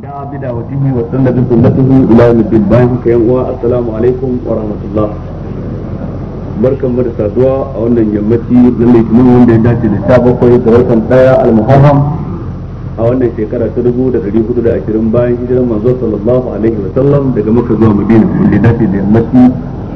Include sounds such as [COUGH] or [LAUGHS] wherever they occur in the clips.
da'a bidawatihi wa sanna bi sunnatihi ila yawmiddin bayan haka yan uwa assalamu alaikum wa rahmatullah barkan mu da saduwa a wannan yammaci na litinin wanda ya dace da sha bakwai ga watan daya al-muharram a wannan shekara ta dubu da dari hudu da ashirin bayan hijirar manzo sallallahu alaihi wa sallam daga maka zuwa madina wanda ya dace da yammaci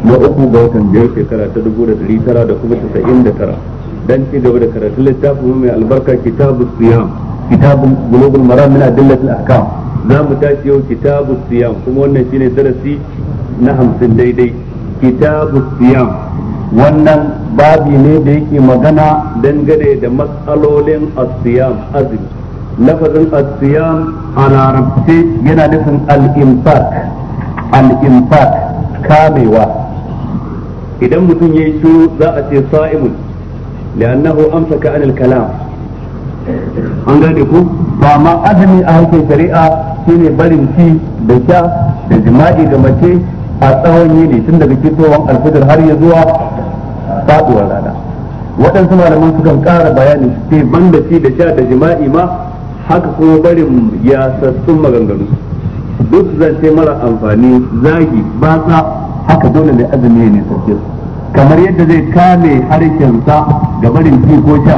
na uku ga watan biyar shekara ta dubu da dari tara da kuma casa'in da tara dan ci gaba da karatun littafin mai albarka kitabu siyam kitabun bulugul maram min adillatil ahkam za mu tashi yau kitabu siyam kuma wannan shine darasi na hamsin daidai kitabu siyam wannan babu ne da yake magana dangane da matsalolin asiyam azumi lafazin asiyam a larabce yana nufin al-imsak kamewa idan mutum ya yi shiru za a ce sa'imun li'annahu amsaka anil kalam an gane ku to amma azumi a hankali shari'a shine barin ci da sha da jima'i da mace a tsawon yini tun daga fitowar alfajir har ya zuwa faduwar rana waɗansu malaman sukan ƙara bayani su ban da ci da sha da jima'i ma haka kuma barin ya sassun maganganu duk zance mara amfani zagi ba haka dole ne azumi ne sauke kamar yadda zai kame harshensa ga barin ci ko sha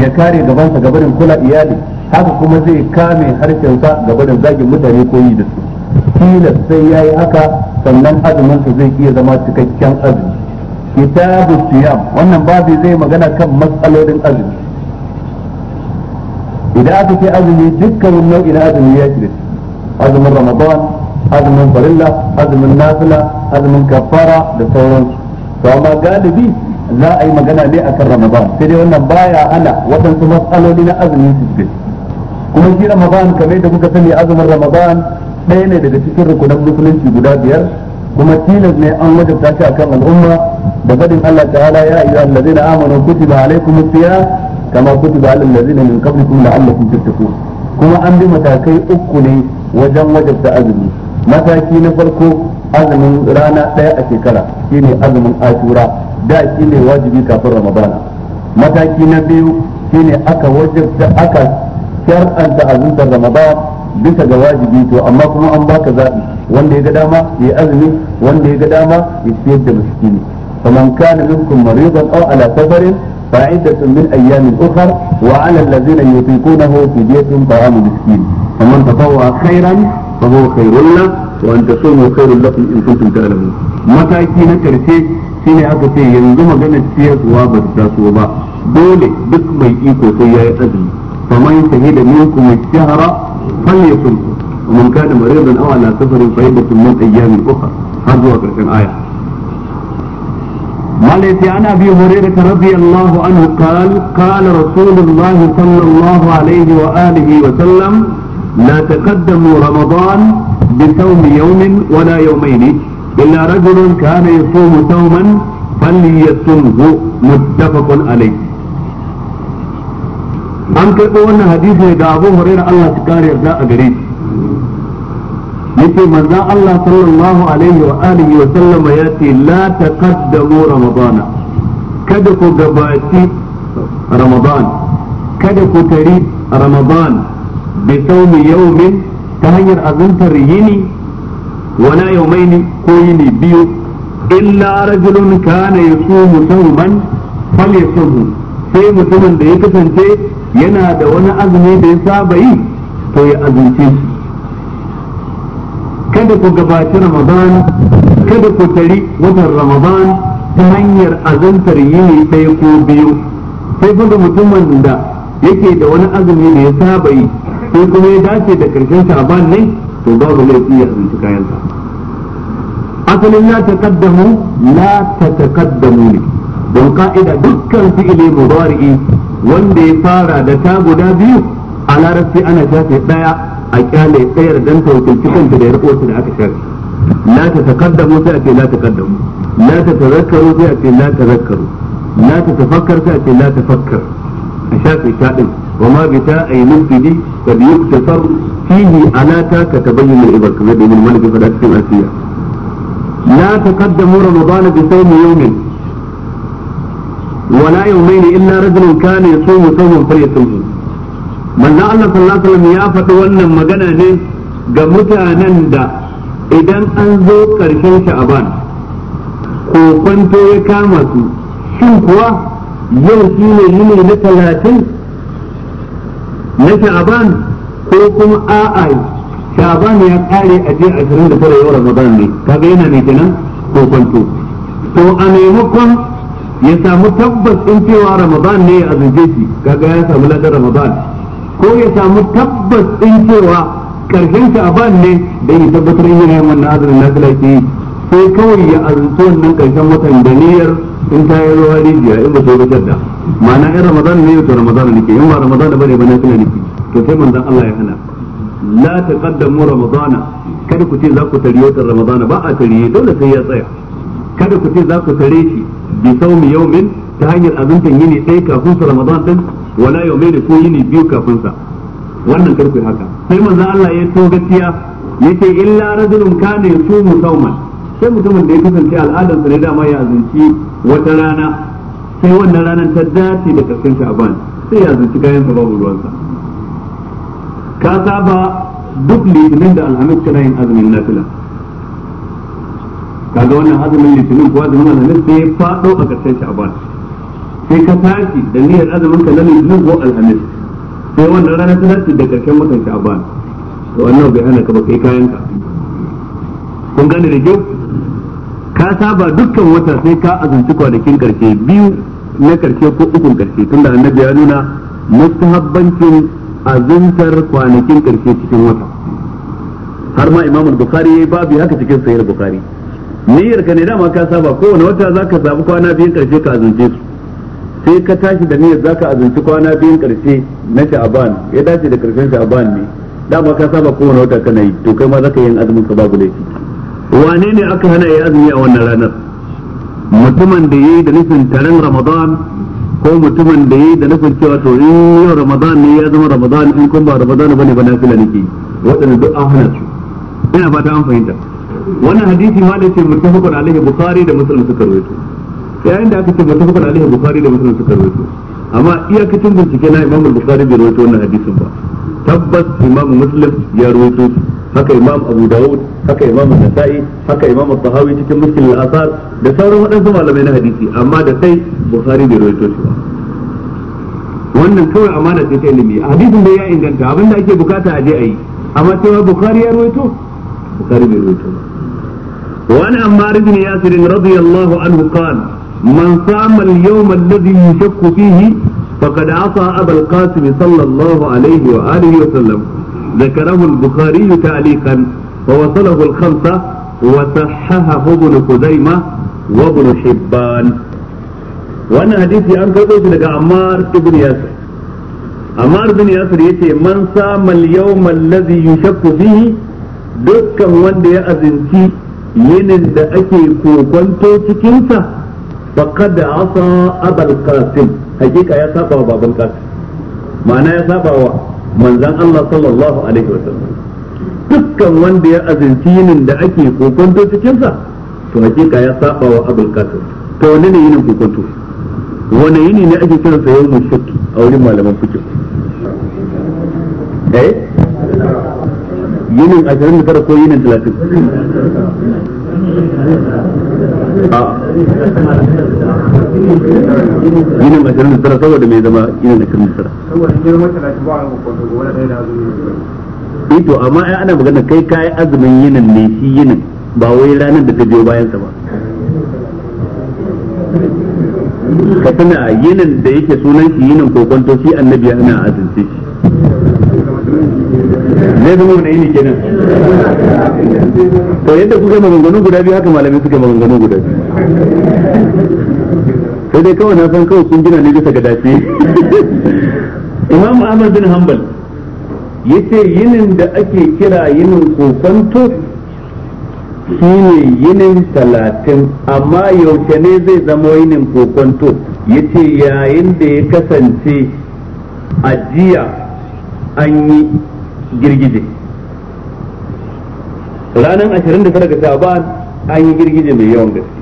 ya kare gabansa ga barin kula iyali haka kuma zai kame harshensa ga barin zagin mutane ko yi da su tilas sai ya yi haka sannan azuminsa zai iya zama cikakken azumi kitabu siyam wannan babu zai magana kan matsalolin azumi idan aka ce azumi dukkan nau'in azumi ya shiga azumin ramadan azumin farilla azumin nafila azumin kafara da sauransu to amma galibi za a yi magana ne akan ramadan sai dai wannan baya ana waɗansu matsaloli na azumi su shiga kuma shi ramadan kamar da muka sani azumin ramadan ɗaya ne daga cikin rukunan musulunci guda biyar kuma tilas ne an wajabta shi akan al'umma da gadin Allah ta'ala ya ayyuha allazina amanu kutiba alaykumus siyam kama kutiba alal ladzina min qablikum la'allakum tattaqun kuma an bi matakai uku ne wajen wajabta azumi mataki na farko azumin rana ɗaya a shekara shine azumin ashura da shine wajibi kafin ramadana mataki na biyu shine aka wajibta aka shar'anta azumtar ramadan bisa ga wajibi to amma kuma an baka zaɓi wanda ya ga dama ya azumi wanda ya ga dama ya ciyar da miskini faman kana minkum maridan aw ala safarin fa iddatun min ayyamin ukhra wa ala alladhina yutiqunahu fidyatun ta'amu miskin faman tatawwa khairan فهو خير لنا وأن تصوموا خير لكم إن كنتم تعلمون متى كينا كرسي shine aka ce yanzu maganar ciyarwa ba ta taso ba dole duk mai iko sai ya yi azumi faman ومن كان مريضا او على سفر فعدة من ايام اخرى هذا هو كرسان آية مالتي عن ابي هريرة رضي الله عنه قال قال رسول الله صلى الله عليه واله وسلم لا تقدموا رمضان بصوم يوم ولا يومين إلا رجل كان يصوم صوما فليصمه متفق عليه an karɓo wannan hadisi ga abu hurairah Allah ta kare yarda a gare shi yace manzon Allah sallallahu alaihi wa alihi wa sallam ya ce la taqaddamu ramadana kada ku gabaci ramadan kada ku tari ramadan bi saumi yawmin ta hanyar azuntar yini wala yawmaini ko yini biyu illa rajulun kana yasumu sawman falyasum sai mutumin da ya kasance yana da wani azumi da ya saba yi to ya azumce shi kada ku gabaci ramadan kada ku tari watan ramadan ta hanyar azantar yini sai ko biyu sai kuma mutumin da yake da wani azumi da ya saba yi ko kuma ya dace da karshen sha'ban ne to babu laifi ya tsinci kayansa asalin la taqaddamu la tataqaddamu ne don ka'ida dukkan fi'ili mudari'i wanda ya fara da ta guda biyu a larabci ana shafe daya a kyale tsayar dan ta wakilci kanta da rubuta da aka shafe la ta taqaddamu sai a ce la taqaddamu la ta tazakkaru sai a ce la tazakkaru la ta tafakkar sai a ce la tafakkar a shafe ta din وما بتاء المفسد قد يقتصر فيه على تا كتبين الإبر كما الملك فلا تكون أسيا لا تقدموا رمضان بصوم يوم ولا يومين إلا رجل كان يصوم صوما فليصومه manzo Allah sallallahu alaihi wasallam ya faɗi wannan magana ne ga mutanen da idan an zo ƙarshen sha'aban Kofanto ya kama su shin kuwa yau shine na talatin na sha'aban ko kuma a'a sha'aban ya kare a jiya ashirin da tara yau ramadan ne kaga yana ne kenan ko kwanto to a maimakon ya samu tabbas din cewa ramadan ne ya azumce shi kaga ya samu ladar ramadan ko ya samu tabbas din cewa karshen sha'aban ne da ya tabbatar yin yayin wannan azumin na lafiya sai kawai ya azumci wannan karshen watan da niyyar in ta yi ruwa rijiya in ba ta yi ba ma'ana in ramadan ne to ramadan nake in ba ramadan bane ba nafila nake to sai manzon Allah ya hana la taqaddamu ramadana kada ku ce za ku tariyo ta ramadana ba a tariye dole sai ya tsaya kada ku ce za ku tare shi bi saumi yawmin ta hanyar azumtan yini ɗaya kafin sa ramadan din wala yawmin ko yini biyu kafin sa wannan kar ku haka sai manzon Allah ya to gaskiya yace illa rajulun kana yusumu sauman sai mutumin da ya kasance al'adarsa ne dama ya azumci wata rana sai wannan ranar ta dace da karshen shaban sai ya zuci kayan sa babu ruwansa ka saba duk litinin da alhamis kana yin azumin nafila kaga wannan azumin litinin ko azumin alhamis sai fado a karshen shaban sai ka tashi da niyyar azumin ka na litinin ko alhamis sai wannan rana ta dace da karshen watan shaban to wannan bai hana ka ba kai kayan ka kun gane da kyau ka saba dukkan wata sai ka azumci kwanakin karshe biyu na karshe ko ukun karshe tunda annabi ya nuna mustahabbancin azumtar kwanakin karshe cikin wata har ma imamul bukhari yayi babu haka cikin sahih bukhari niyyar ka ne dama ka saba kowane wata zaka zabi kwana biyun karshe ka azumce su sai ka tashi da niyyar zaka azumci kwana biyun karshe na sha'aban ya dace da karshen sha'aban ne dama ka saba kowane wata kana yi to kai ma zaka yin azumin ka babu laifi wane ne aka hana ya azumi a wannan ranar mutumin da ya yi da nufin taron ramadan ko mutumin da ya yi da nufin cewa to in yau ramadan ne ya zama ramadan in kun ba ramadan bane ba nafila nake waɗanda duk an hana su ina fata an fahimta wannan hadisi ma da ce mutafakun alaihi bukhari da muslim suka rawaito yayin da aka ce mutafakun alaihi bukhari da muslim suka rawaito amma iyakacin bincike na imam bukhari bai rawaito wannan hadisin ba tabbas imam muslim ya rawaito shi haka imam abu dawud haka imam nasa'i haka imam al tahawi cikin muskil al-asar da sauran waɗansu malamai na hadisi amma da sai bukhari bai rawaito shi ba wannan kawai amana ce ta ilimi hadisin da ya inganta abinda ake bukata a je a yi amma cewa bukhari ya rawaito bukhari bai rawaito ba wa an ammar ibn yasir radiyallahu anhu qala man sama al-yawm alladhi yushakku fihi faqad asa abul qasim sallallahu alaihi wa alihi wa sallam ذكره البخاري تعليقا ووصله الخمسة وصححه ابن خزيمة وابن حبان وانا حديثي أن كربوش لك عمار ابن ياسر عمار بن ياسر يتي من صام اليوم الذي يشك فيه دكا وان يا أزنتي yinin da ake kokonto cikinsa faqad asa abul qasim hakika ya saba wa baban qasim ma'ana ya saba wa manzan Allah sallallahu alaihi wa sallam dukkan wanda ya azinci yinin da ake kokonto cikin sa to hakika ya saba wa abul qasim to wani ne yinin kokonto wani yini ne ake kiran sa yawmul shakki a wurin malaman fiqh eh yinin 29 ko yinin 30 yinin ashirin da tara saboda mai zama yinin ashirin da tara ito eh amma ai ana magana kai kayi azumin yinin ne shi yinin ba wai ranar da ta biyo bayansa ba ka tana yinin da yake sunan shi yinin kokonto shi annabi ana azince shi zai zama wani yini kenan to yadda kuka maganganu guda biyu haka malamai suka maganganu guda biyu sai dai kawai na san kawai sun gina ne bisa ga dace imam ahmad bin hanbal yace yinin da ake kira yinin shi shine yinin talatin amma yaushe ne zai zama yinin kokonto yace yayin da ya kasance ajiya an yi girgije ranar 29 ga sha'ban an yi girgije mai yawan gaske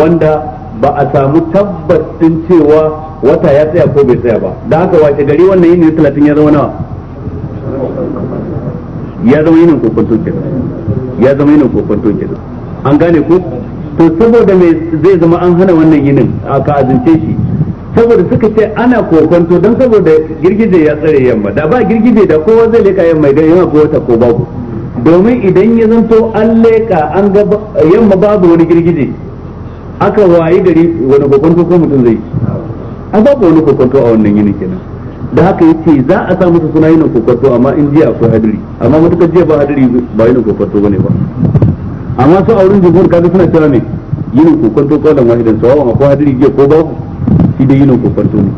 wanda ba a samu tabbatin cewa wata ya tsaya ko bai tsaya ba da haka wace gari wannan yini 30 ya zama nawa ya zama yinin kokonto kenan ya zama yinin kokonto kenan an gane ko to saboda me zai zama an hana wannan yinin aka azince shi saboda suka ce ana kokonto don saboda girgije ya tsare yamma da ba girgije da kowa zai leka yamma idan yamma ko wata ko babu domin idan ya zanto an leka an ga yamma babu wani girgije aka wayi gari wani kokonto ko mutum zai an babu wani kokonto a wannan yini kenan da haka yace za a sa musu suna yinin kokonto amma in jiya akwai hadiri amma mutukar jiya ba hadiri ba yinin kokonto bane ba amma su auren jibun kaga suna cewa ne yinin kokonto kaulan wahidan sawawan akwai hadiri jiya ko babu shi dai yana kokarto ne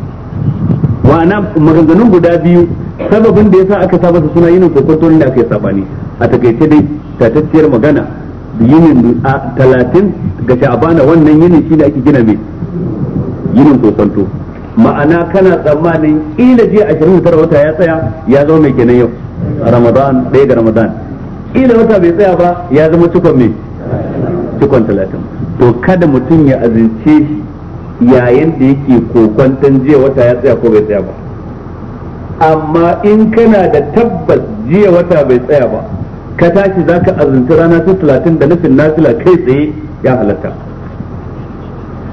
wa'ana maganganun guda biyu sababin da yasa aka saba su suna yin kokarto ne da aka yi sabani a takaice dai tatacciyar magana yinin talatin ga sha'abana wannan yinin shi da ake gina mai yinin kokarto ma'ana kana tsammanin ila jiya ashirin da tara wata ya tsaya ya zama mai kenan yau ramadan ɗaya ga ramadan ila wata bai tsaya ba ya zama cikon mai cikon talatin to kada mutum ya azince shi yayin da yake kokwantan jiya wata ya tsaya ko bai tsaya ba amma in kana da tabbas jiya wata bai tsaya ba ka tashi za ka azunci rana ta talatin da nufin nasila kai tsaye ya halatta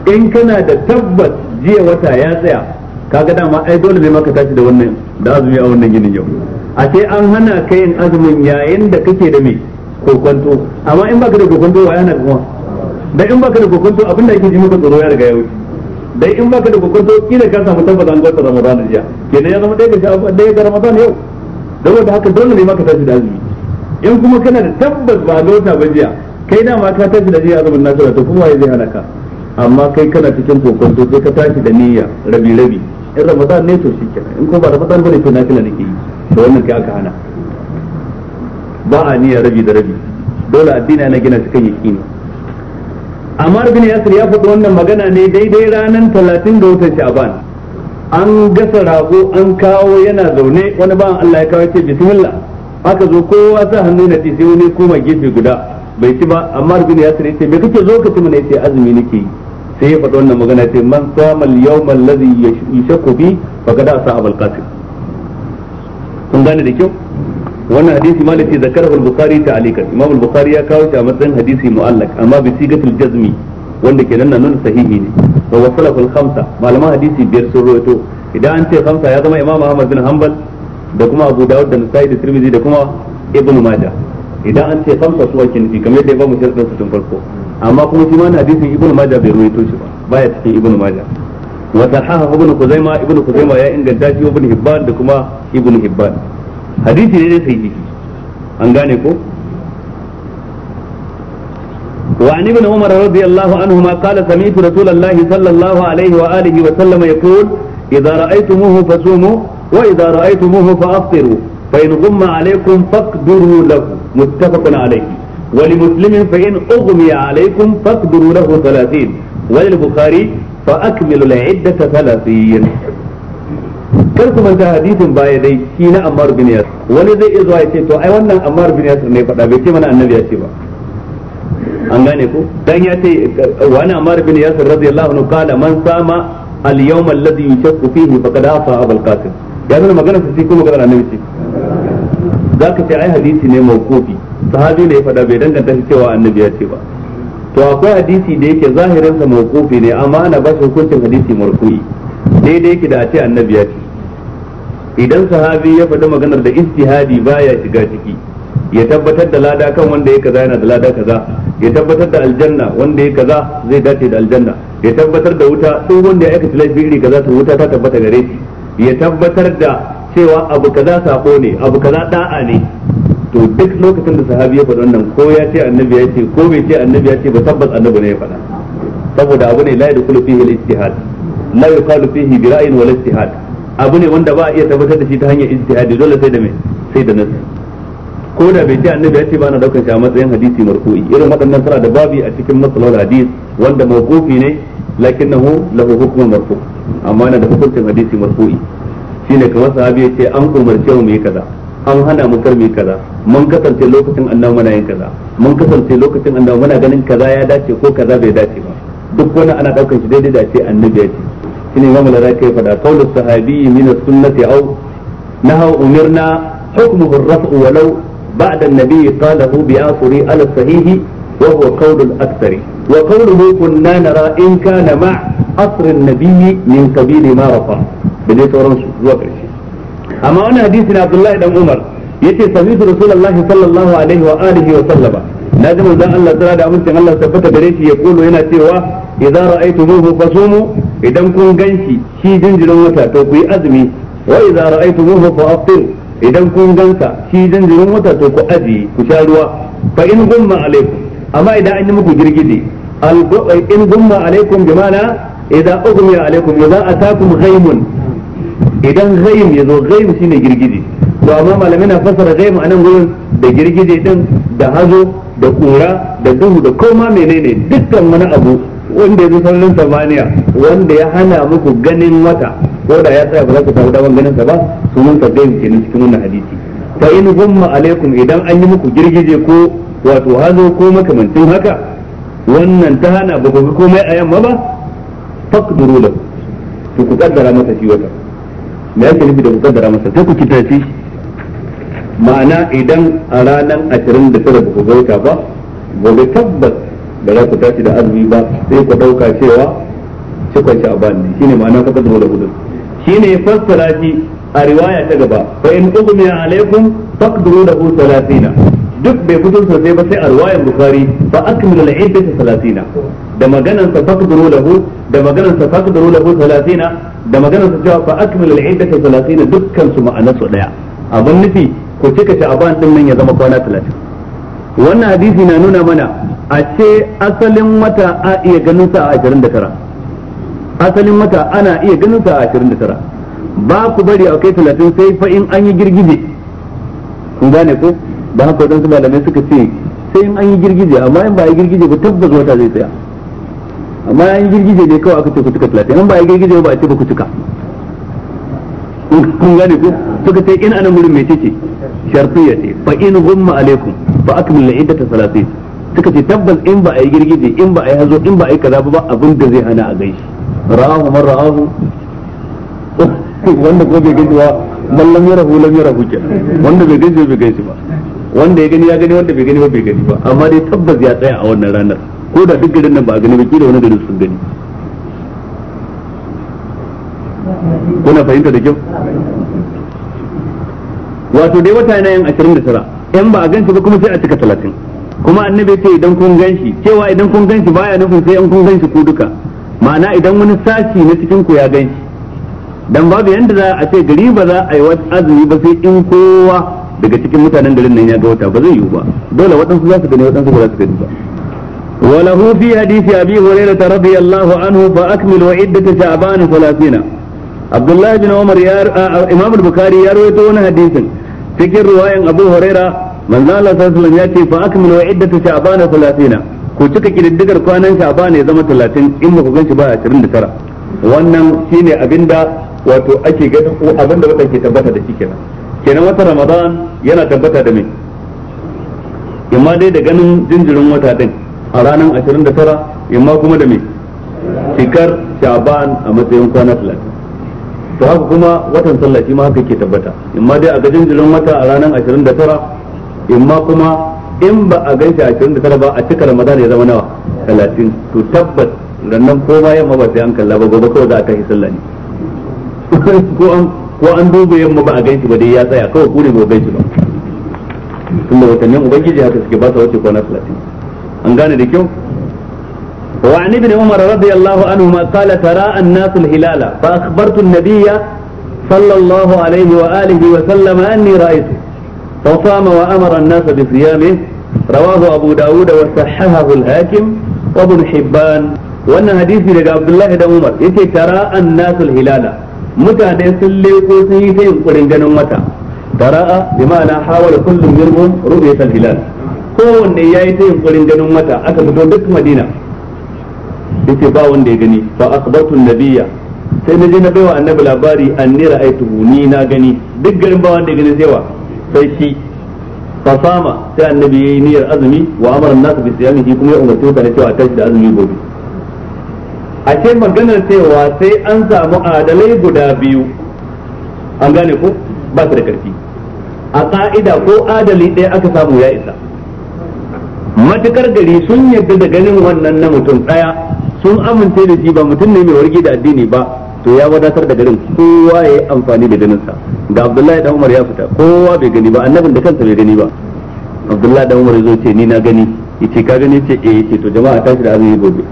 in kana da tabbas jiya wata ya tsaya ka ga dama ai dole ne maka tashi da wannan da azumi a wannan ginin yau a sai an hana ka yin azumin yayin da kake da mai kokonto amma in baka da kokonto wa yana kuma da in baka da kokonto abin da ake ji maka tsoro ya riga ya wuce dai in baka da kokonto kila ka samu tabbata an gwata ramadan jiya kenan ya zama ɗaya ga ɗaya ga ramadan yau da haka dole ne maka tashi da azumi in kuma kana da tabbas ba ga wata ba jiya kai da ma ka tashi da jiya azumin nasara to kuma ya zai hana ka amma kai kana cikin kokonto sai ka tashi da niyya rabi rabi in ramadan ne to shikenan in ko ba ramadan bane to nafila nake yi da wannan kai aka hana ba a niyya rabi da rabi dole addini ana gina cikin yaqini Amma bin Yasir ya faɗi wannan magana ne daidai ranar talatin da watan Sha'ban an gasa rago an kawo yana zaune wani ba Allah ya kawo ce bismillah aka zo kowa sa hannu na sai wani koma gefe guda bai ci ba amma bin Yasir ya ce me kake zo ka ci mana yace azumi nake sai ya faɗi wannan magana ce man sama al-yawm alladhi yashaqu bi faqad asa abul qasim kun gane da kyau wannan hadisi malik ce zakarahu al-bukhari ta'alikan imam al-bukhari ya kawo shi a matsayin hadisi mu'allaq amma bi sigatul jazmi wanda kenan na nuna sahihi ne wa wasalahu al-khamsa malaman hadisi biyar sun rawaito idan an ce khamsa ya zama imam ahmad bin hanbal da kuma abu dawud da nasa'i da tirmidhi da kuma ibnu majah idan an ce khamsa su ake nufi kamar yadda ya ba mu sharɗin su tun farko amma kuma shi ma na hadisin ibnu majah bai rawaito shi ba baya cikin ibnu majah wa sahaha ibnu kuzaima ibnu kuzaima ya inganta shi ibnu hibban da kuma ibnu hibban hadisi ne dai sahihi an gane ko وعن ابن عمر رضي الله عنهما قال سمعت رسول الله صلى الله عليه وآله وسلم يقول إذا رأيتموه فصوموا وإذا رأيتموه فأفطروا فإن غم عليكم فاقدروا له متفق عليه ولمسلم فإن أغمي عليكم فاقدروا له ثلاثين وللبخاري فأكملوا العدة ثلاثين kar ku manta hadisin baya dai shi na Ammar bin Yasir wani zai iya zuwa ya ce to ai wannan Ammar bin Yasir ne faɗa bai ce mana annabi ya ce ba an gane ko dan ya ce wa ana Ammar bin Yasir radiyallahu anhu qala man sama al-yawm alladhi yushakku fihi faqad afa Abul Qasim ya zama magana su ce ko magana annabi ce zaka ce ai hadisi ne mawqufi sahabi ne ya faɗa bai danganta shi cewa annabi ya ce ba to akwai hadisi da yake zahirinsa mawqufi ne amma ana ba shi hukuncin hadisi marfu'i daidai yake da a ce annabi ya ce idan sahabi ya faɗi maganar da istihadi baya shiga ciki ya tabbatar da lada kan wanda ya kaza yana da lada kaza ya tabbatar da aljanna wanda ya kaza zai dace da aljanna ya tabbatar da wuta duk wanda ya aikata laifi iri kaza to wuta ta tabbata gare shi ya tabbatar da cewa abu kaza sako ne abu kaza da'a ne to duk lokacin da sahabi ya faɗi wannan ko ya ce annabi ya ce ko bai ce annabi ya ce ba tabbas annabi ne ya faɗa saboda abu ne la yadkhulu fihi al-ijtihad la yuqalu fihi bi ra'yin wal ijtihad abu ne wanda ba a iya tabbatar da shi ta hanyar ijtihadi dole sai da me sai da nasu ko da bai ce annabi ya ce ba na daukar shi a matsayin hadisi marfu'i irin waɗannan sura da babi a cikin masalolin hadis wanda mawqufi ne lakinnahu lahu hukmun marfu amma yana da hukuncin hadisi marfu'i shine kamar sahabi ya ce an umarce mu yi kaza an hana mu kar mu kaza mun kasance lokacin annabi muna yin kaza mun kasance lokacin annabi muna ganin kaza ya dace ko kaza bai dace ba duk wani ana daukar shi daidai da ce annabi ya ce shine imamu da zaka yi fada qaulus sahabi min as-sunnati aw naha umirna hukmuhu ar-raf'u walau ba'da an-nabi qalahu bi asri ala sahihi wa huwa qaulul aktsari wa qauluhu kunna nara in kana ma' asr an-nabi min qabili ma rafa da dai sauransu zuwa karshe amma wannan hadisi na Abdullahi dan Umar yace sami'tu rasulullahi sallallahu alaihi wa alihi wa sallama na ji manzon Allah tsara da amincin Allah tabbata gare shi ya kulo yana cewa idza ra'aytumuhu fasumu idan kun ganshi shi jinjirin wata to ku yi azumi wa idza ra'aytumuhu fa aftir idan kun ganka shi jinjirin wata to ku aji ku sha ruwa fa in gumma alaikum amma idan an yi muku girgije in gumma alaikum bi mana idan ugmiya alaikum idan atakum ghaimun idan ghaym yazo ghaym shine girgije to amma malamin na fasara ghaym anan gurin da girgije din da hazo da kura da duhu da koma menene dukkan wani abu wanda ya bi sararin samaniya wanda ya hana muku ganin wata ko da ya tsaya ba za ku samu daman ganin sa ba mun sa gaib kenan cikin wannan hadisi fa in humma alaikum idan an yi muku girgije ko wato hazo ko makamantin haka wannan ta hana ba ku komai a yamma ba faqduru lahu to ku kaddara masa shi wata me yake nufi da ku kaddara masa ta ku shi ma'ana idan a ranar 29 ba ku ga wata ba gobe tabbas ba za ku tashi da azumi ba sai ku dauka cewa cikon sha'ban ne shine ma'ana faqad wala hudud shine fassara shi a riwaya ta gaba fa in ughmi alaikum faqduru lahu 30 duk bai fito sosai ba sai a riwayar bukhari fa akmilu al-iddata 30 da maganar sa faqduru lahu da maganar sa faqduru lahu 30 da maganar sa cewa fa akmilu al-iddata 30 dukkan su ma'anar su daya abin nufi ku cika sha'ban din nan ya zama kwana 30 wannan hadisi na nuna mana a ce asalin wata a iya ganin sa a 29 asalin wata ana iya ganin sa a 29 ba ku bari a kai 30 sai fa in an yi girgije kun gane ko da haka wadansu malamai suka ce sai in an yi girgije amma in ba yi girgije ba tabbas wata zai tsaya amma an yi girgije ne kawai aka ce ku cika 30 in ba yi girgije ba a ce ba ku cika kun gane ko suka ce in anan wurin mece ce sharfiya ce fa in gumma alaikum fa akmil iddata salati suka ce tabbas in ba a yi girgije in ba a yi hazo in ba a yi kaza ba abin da zai hana a gaishi ra'ahu man ra'ahu [LAUGHS] wanda ko bai gaji ba man lam yarahu lam yarahu ke wanda bai gaji bai gaishi ba wanda ya gani ya gani wanda bai gani ba bai gani ba amma dai tabbas ya tsaya a wannan ranar ko da duk garin nan ba a gani ba kila wani garin sun gani kuna fahimta da kyau wato dai wata yanayin 29 in ba a ganshi ba kuma sai a cika talatin kuma annabi ce idan kun ganshi cewa idan kun ganshi baya nufin sai in kun ganshi ku duka ma'ana idan wani sashi na cikin ku ya ganshi dan babu yanda za a ce gari ba za a yi wata azumi ba sai in kowa daga cikin mutanen garin nan ya ga wata ba zai yiwu ba dole waɗansu za su gani waɗansu ba za su gani ba وله في حديث أبي هريرة رضي الله عنه فأكمل عدة شعبان ثلاثين عبد الله بن عمر يار... آ... آ... إمام البخاري يروي دون حديث cikin ruwayan Abu Huraira manzo Allah sallallahu alaihi ya ce fa akmilu iddatu sha'ban 30 ku cika kididdigar kwanan sha'ban ya zama 30 in ba ku ganshi ba 29 wannan shine abinda wato ake ga abinda wanda ke tabbata da shi kenan kenan wata Ramadan yana tabbata da me imma dai da ganin jinjirin wata din a ranar 29 imma kuma da me cikar sha'ban a matsayin kwana 30 to haka kuma watan sallah shi ma haka ke tabbata in ma dai a gajin jirin wata a ranar 29 ma kuma in ba a ganshi 29 ba a cika ramadan ya zama nawa 30 to tabbas rannan ko ma yamma ba sai an kalla ba gobe kawai za a kai sallah ne [LAUGHS] ko an ko an duba yamma ba a shi ba dai ya tsaya kawai ku ne gan shi ba tunda watannin ubangiji haka suke ba sa wuce kwana 30 an gane da kyau وعن ابن عمر رضي الله عنهما قال ترى الناس الهلال فأخبرت النبي صلى الله عليه وآله وسلم أني رأيته فصام وأمر الناس بصيامه رواه أبو داود وصححه الحاكم وابن حبان وأن حديث لك عبد الله بن عمر يتي ترى الناس الهلال mutane sun leko sun yi ta yunkurin ganin wata tara'a bi ma'ana hawala kullum minhum ru'yatul hilal kowanne yayi ta yunkurin ganin wata aka fito duk madina yace ba wanda ya gani fa akhbatu nabiyya sai na je na baiwa annabi labari anni ra'aytuhu ni na gani duk garin ba wanda ya gani sai wa sai shi fa sama sai annabi yayi niyyar azumi wa amara an-nas bi siyamihi kuma ya umarci mutane cewa a tashi da azumi gobe a ce maganar cewa sai an samu adalai guda biyu an gane ko ba su da karfi a ka'ida ko adali ɗaya aka samu ya isa matukar gari sun yadda da ganin wannan na mutum ɗaya sun amince da shi ba mutum ne mai wargi da addini ba to ya wadatar da garin kowa ya yi amfani da ganinsa da abdullahi dan umar ya fita kowa bai gani ba annabin da kansa bai gani ba abdullahi dan umar zo ce ni na gani ce ka gani ce eh ce to jama'a tashi da azumi gobe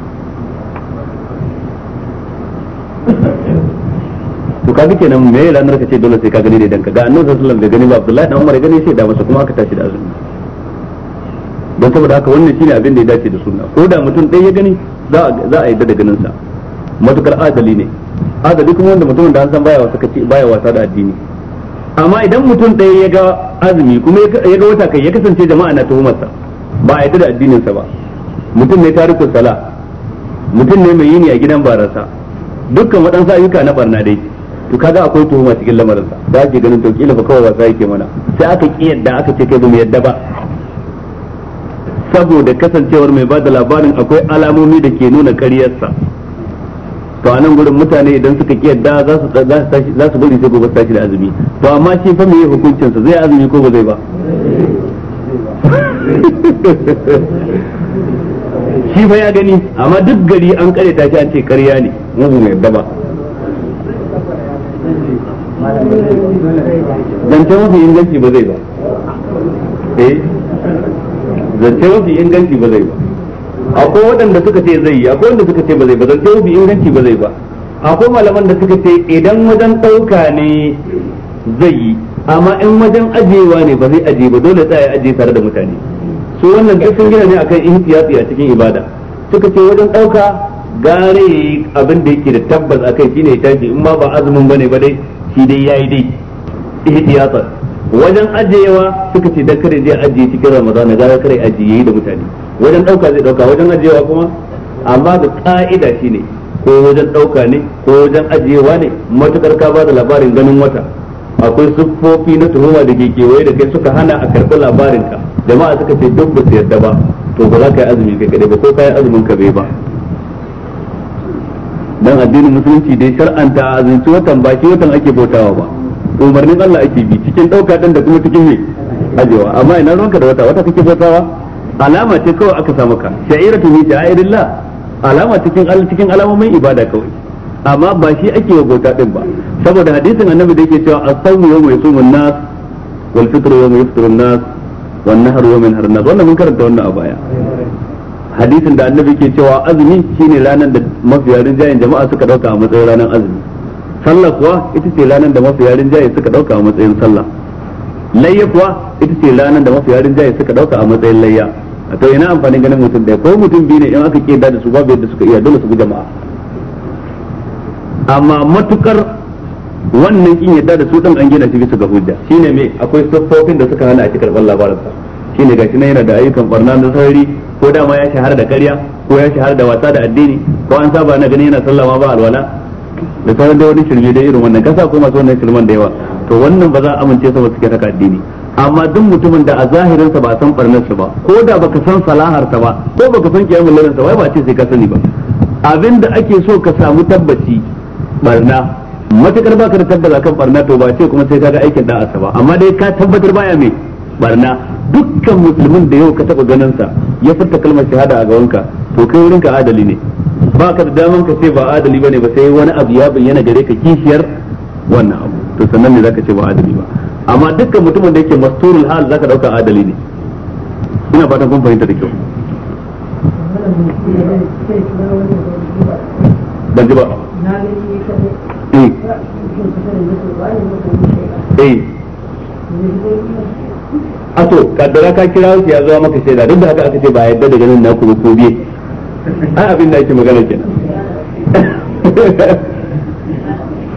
to duke kenan mai ranar ka ce dole sai ka gani da idan ka ga annabi sallallahu alaihi wasallam da gani ba abdullahi dan umar ya gani sai da masa kuma aka tashi da azumi don saboda haka wannan shine abin da ya dace da sunna ko da mutum ɗaya ya gani za a yadda da ganin sa matukar adali ne adali kuma wanda mutumin da an san baya wasa baya wasa da addini amma idan mutum ɗaya ya ga azumi kuma ya ga wata kai ya kasance jama'a na tuhumarsa ba a yadda da addinin sa ba mutum ne tarikul sala mutum ne mai yini a gidan barasa dukkan waɗansu ayyuka na barna dai to kaga akwai tuhuma cikin sa da ake ganin to kila fa kawai wasa yake mana sai aka ki yadda aka ce kai ba mu yadda ba saboda kasancewar mai bada labarin akwai alamomi da ke nuna karyarsa to a nan gurin mutane idan suka ki yadda za su za su bari sai gobe shi tashi da azumi to amma shi fa meye hukuncinsa zai azumi ko ba zai ba [LAUGHS] shi fa ya gani amma duk gari an kare ta an ce karya ne mu mai daba dan ta mafi inganci ba zai ba eh zance mafi inganci ba zai ba akwai waɗanda suka ce zai yi akwai waɗanda suka ce ba zai ba zance mafi inganci ba zai ba akwai malaman da suka ce idan wajen ɗauka ne zai yi amma in wajen ajiyewa ne ba zai ajiye ba dole tsaya ajiye tare da mutane su wannan duk sun gina ne akan ihtiyati a cikin ibada suka ce wajen ɗauka gare abin da yake da tabbas akai shine ya tashi in ma ba azumin bane ba dai shi dai yayi dai ihtiyatan wajen ajiyewa suka ce dan kare je ajiye cikin ramadan ga kare ajiye da mutane wajen dauka zai dauka wajen ajiyewa kuma amma da ka'ida shine ko wajen dauka ne ko wajen ajiyewa ne matukar ka ba da labarin ganin wata akwai siffofi na tuhuma da ke kewaye da kai suka hana a karɓi labarinka jama'a suka ce duk ba su yarda ba to ba za ka yi azumi kai kadai ba ko ka yi azumin ka bai ba dan addinin musulunci dai shar'anta azumci watan ba shi watan ake bautawa ba umarnin Allah ake bi cikin dauka dan da kuma cikin me ajewa amma ina ruwanka da wata wata kake bautawa alama ce kawai aka samu ka sha'iratu min sha'irillah alama cikin cikin alamomin ibada kawai amma ba shi ake wa bauta din ba saboda hadisin annabi da yake cewa as-sawmu yawma yusumun nas wal fitru yawma yafturun nas wan nahru yawma yanharu nas wannan mun karanta wannan a baya hadisin da annabi ke cewa azumi shine ranar da mafiya rinjayen jama'a suka dauka a matsayin ranar azumi sallah kuwa ita ce ranar da mafi yarin jaye suka dauka a matsayin sallah layya kuwa ita ce ranar da mafi yarin jaye suka dauka a matsayin layya a to ina amfanin ganin mutum ɗaya ko mutum biyu ne in aka ke da su babu yadda suka iya dole su bi jama'a amma matukar wannan kin yadda da su dan an gina shi bisa ga hujja shine me akwai siffofin da suka hana a cikin karban sa shine gashi nan yana da ayyukan barna da sarari ko dama ya shahara da karya ko ya shahara da wasa da addini ko an saba na gani yana sallama ba alwala da sauran da wani shirme da irin wannan kasa ko masu wannan shirman da yawa to wannan ba za a amince sa ba suke saka addini amma duk mutumin da a zahirinsa ba san barnarsa ba ko da baka san salaharsa ba ko baka san kiyamun lalansa wai ba ce sai ka sani ba abin da ake so ka samu tabbaci barna matakar baka da tabbata kan barna to ba ce kuma sai ka ga aikin da ba amma dai ka tabbatar baya mai barna dukkan musulmin da yau ka taba ganin sa ya furta kalmar shahada a gawanka to kai wurinka adali ne ba ka da daman ka ce ba adali bane ba sai wani abu ya bayyana gare ka kishiyar wannan abu to sannan ne zaka ce ba adali ba amma dukkan mutumin da yake masturul hal zaka dauka adali ne ina fatan kun fahimta da kyau ban ji ba eh, eh. a to kaddara ka kira ya zuwa maka shaida duk da haka aka ce ba yadda da ganin naku ko biye a abin da ake magana kenan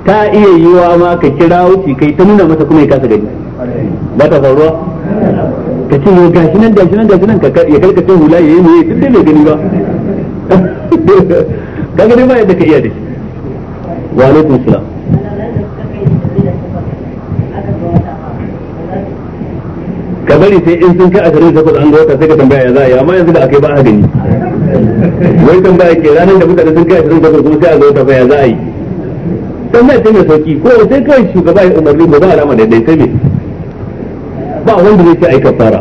ta iya yiwa ma ka kira wuce kai ta nuna masa kuma ya kasa gani ba ta faruwa ka ce ga gashi nan gashi nan gashi nan ka ya karkace hula ya yi ya tun dai bai gani ba [LAUGHS] ka gani ba yadda ka iya da shi wa alaikum salam ka bari sai in sun kai a shirin takwas an ga wata sai ka tambaya ya za a yi amma yanzu da aka yi ba a gani wai tambaya ke ranar da mutane sun kai a shirin takwas kuma sai a ga wata fa ya za a yi tambaya ce mai sauki ko sai kai shugaba ya umarni ba za a rama daidai sai me ba wanda zai ce aika fara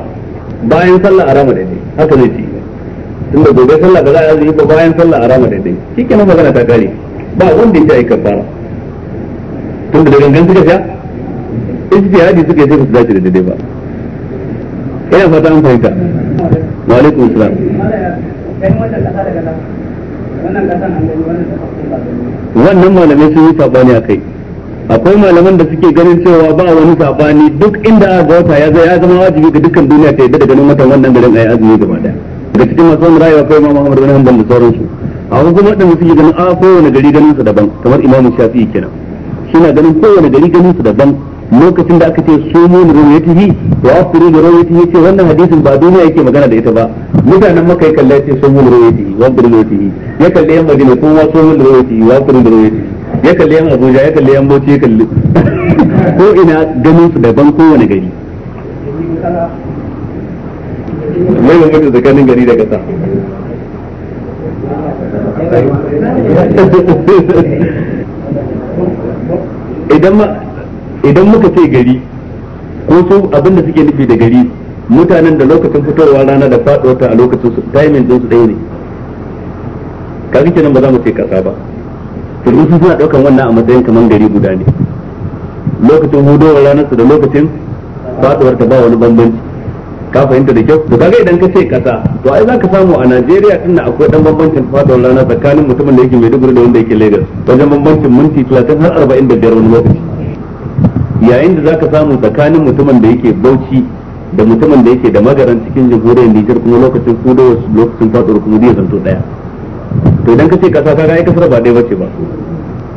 bayan sallah a rama daidai haka zai ce tunda gobe sallah ba za a yi ba bayan sallah a rama daidai shikenan magana ta kare ba wanda ya ce aika fara tunda da gangan suka sha ijtihadi suka yi sai ba su dace da daidai ba ina fata an fahimta wa alaikum salam wannan malamai sun yi sabani a kai akwai malaman da suke ganin cewa ba wani sabani duk inda a ga wata ya zai ya zama wajibi ga dukkan duniya ta yadda da ganin watan wannan garin ayi azumi gaba daya daga cikin masu wani rayuwa kai ma Muhammad bin Hanbal da sauransu a wasu kuma da suke ganin a kowane gari ganin su daban kamar Imam Shafi'i kenan shi na ganin kowane gari ganin su daban lokacin da aka ce su sumu li yi wa afsiru li ru'yatihi ce wannan hadisin ba duniya yake magana da ita ba mutanen maka ya kalle ce sumu li yi wa afsiru li yi ya kalle yan madina ko wa kowa sumu li yi wa afsiru li yi ya kalle yan abuja ya kalle yan bauchi ya kalle [LAUGHS] ko ina ganin su daban kowane gari mai mutu tsakanin gari da kasa [LAUGHS] idan ma idan muka ce gari ko su abinda da suke nufi da gari mutanen da lokacin fitowa rana da faɗuwar ta a lokacin su timing din su ɗaya ne kaga kenan ba za mu ce kasa ba turmi sun suna ɗaukan wannan a matsayin kamar gari guda ne lokacin hudowar ranar su da lokacin faɗuwar ta ba wani bambanci ka fahimta da kyau to kaga idan ka ce kasa to ai za ka samu a Najeriya din akwai dan bambancin faɗuwar rana tsakanin mutumin da yake Maiduguri da wanda yake Lagos wajen bambancin minti 30 har 45 wani lokaci yayin da zaka samu tsakanin mutumin da yake bauchi da mutumin da yake da magaran cikin jamhuriyar Nijar kuma lokacin wasu lokacin faɗuwar kuma zai zanto daya to idan kace ce kasa kaga ai kasar ba dai bace ba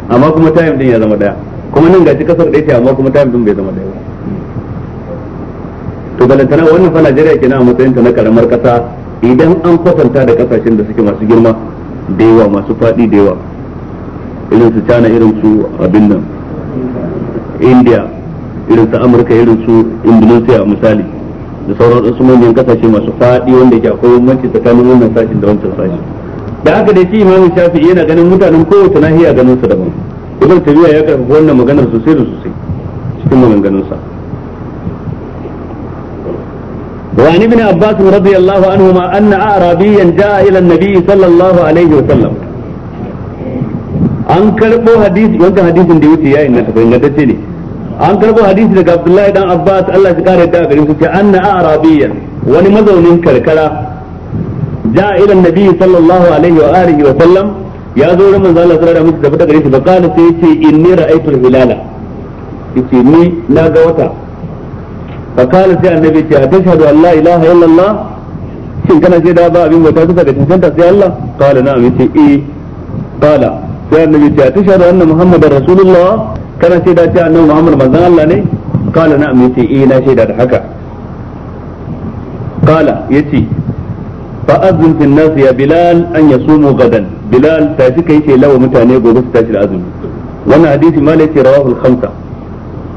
amma kuma tayim din ya zama daya kuma nan gashi kasar ɗaya ce amma kuma tayim din bai zama daya ba to balantana wannan fa Najeriya kenan a matsayin ta na karamar kasa idan an kwatanta da kasashen da suke masu girma da yawa masu faɗi da yawa irin su China irin su abin nan india irin su amurka irin su indonesia misali da sauran su manyan kasashe masu faɗi wanda ke akwai mace tsakanin wannan sashen da wancan sashen da haka dai shi imamu shafi'i yana ganin mutanen kowace nahiya ganin su daban ibn tabiya ya karfafa wannan maganar sosai da sosai cikin maganganun sa وعن ابن عباس رضي الله عنهما أن أعرابيا جاء إلى النبي صلى الله عليه وسلم an karbo hadisi wanda hadisin da wuce ya inganta fa ingantacce ne an karbo hadisi daga Abdullahi dan Abbas Allah ya kare da garin su ce anna arabiyyan wani mazaunin karkara ja ila nabi sallallahu alaihi wa alihi wa sallam ya zo wurin manzo Allah sallallahu alaihi wa sallam da gare shi sai yace inni ra'aytu al-hilala yace ni na ga wata bakala sai annabi ce a tashhadu an la ilaha illallah shin kana shaida ba abin bauta suka da tantance sai Allah qala yace eh sai annabi ce na anna muhammadar rasulullah kana sai da annabi muhammad manzon Allah ne kala na amince eh na shaida da haka kala yace fa azin fil nas ya bilal an yasumu gadan bilal ta shi kai ce lawa mutane gobe su tashi da azumi wannan hadisi ma ne ce rawahu al-khamsa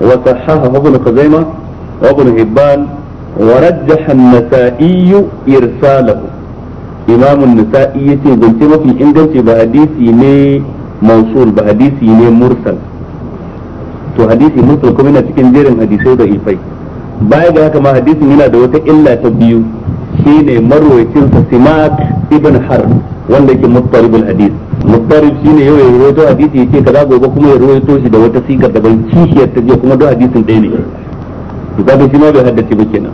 wa sahahahu ibn khuzaimah wa ibn hibban wa rajjaha an-nasa'i irsalahu imam an-nasa'i yace zance mafi inganci ba hadisi ne mausul ba hadisi ne mursal to hadisi mursal kuma yana cikin jerin hadisai da ifai baya ga haka ma hadisin yana da wata illa ta biyu shine marwayacin sa simak ibn har wanda yake mustaribul hadis mustarib shine yau ya rawaito hadisi yace kaza gobe kuma ya rawaito shi da wata sigar daban kishiyar ta kuma duk hadisin ɗaya ne to kaga shi ma bai haddace ba kenan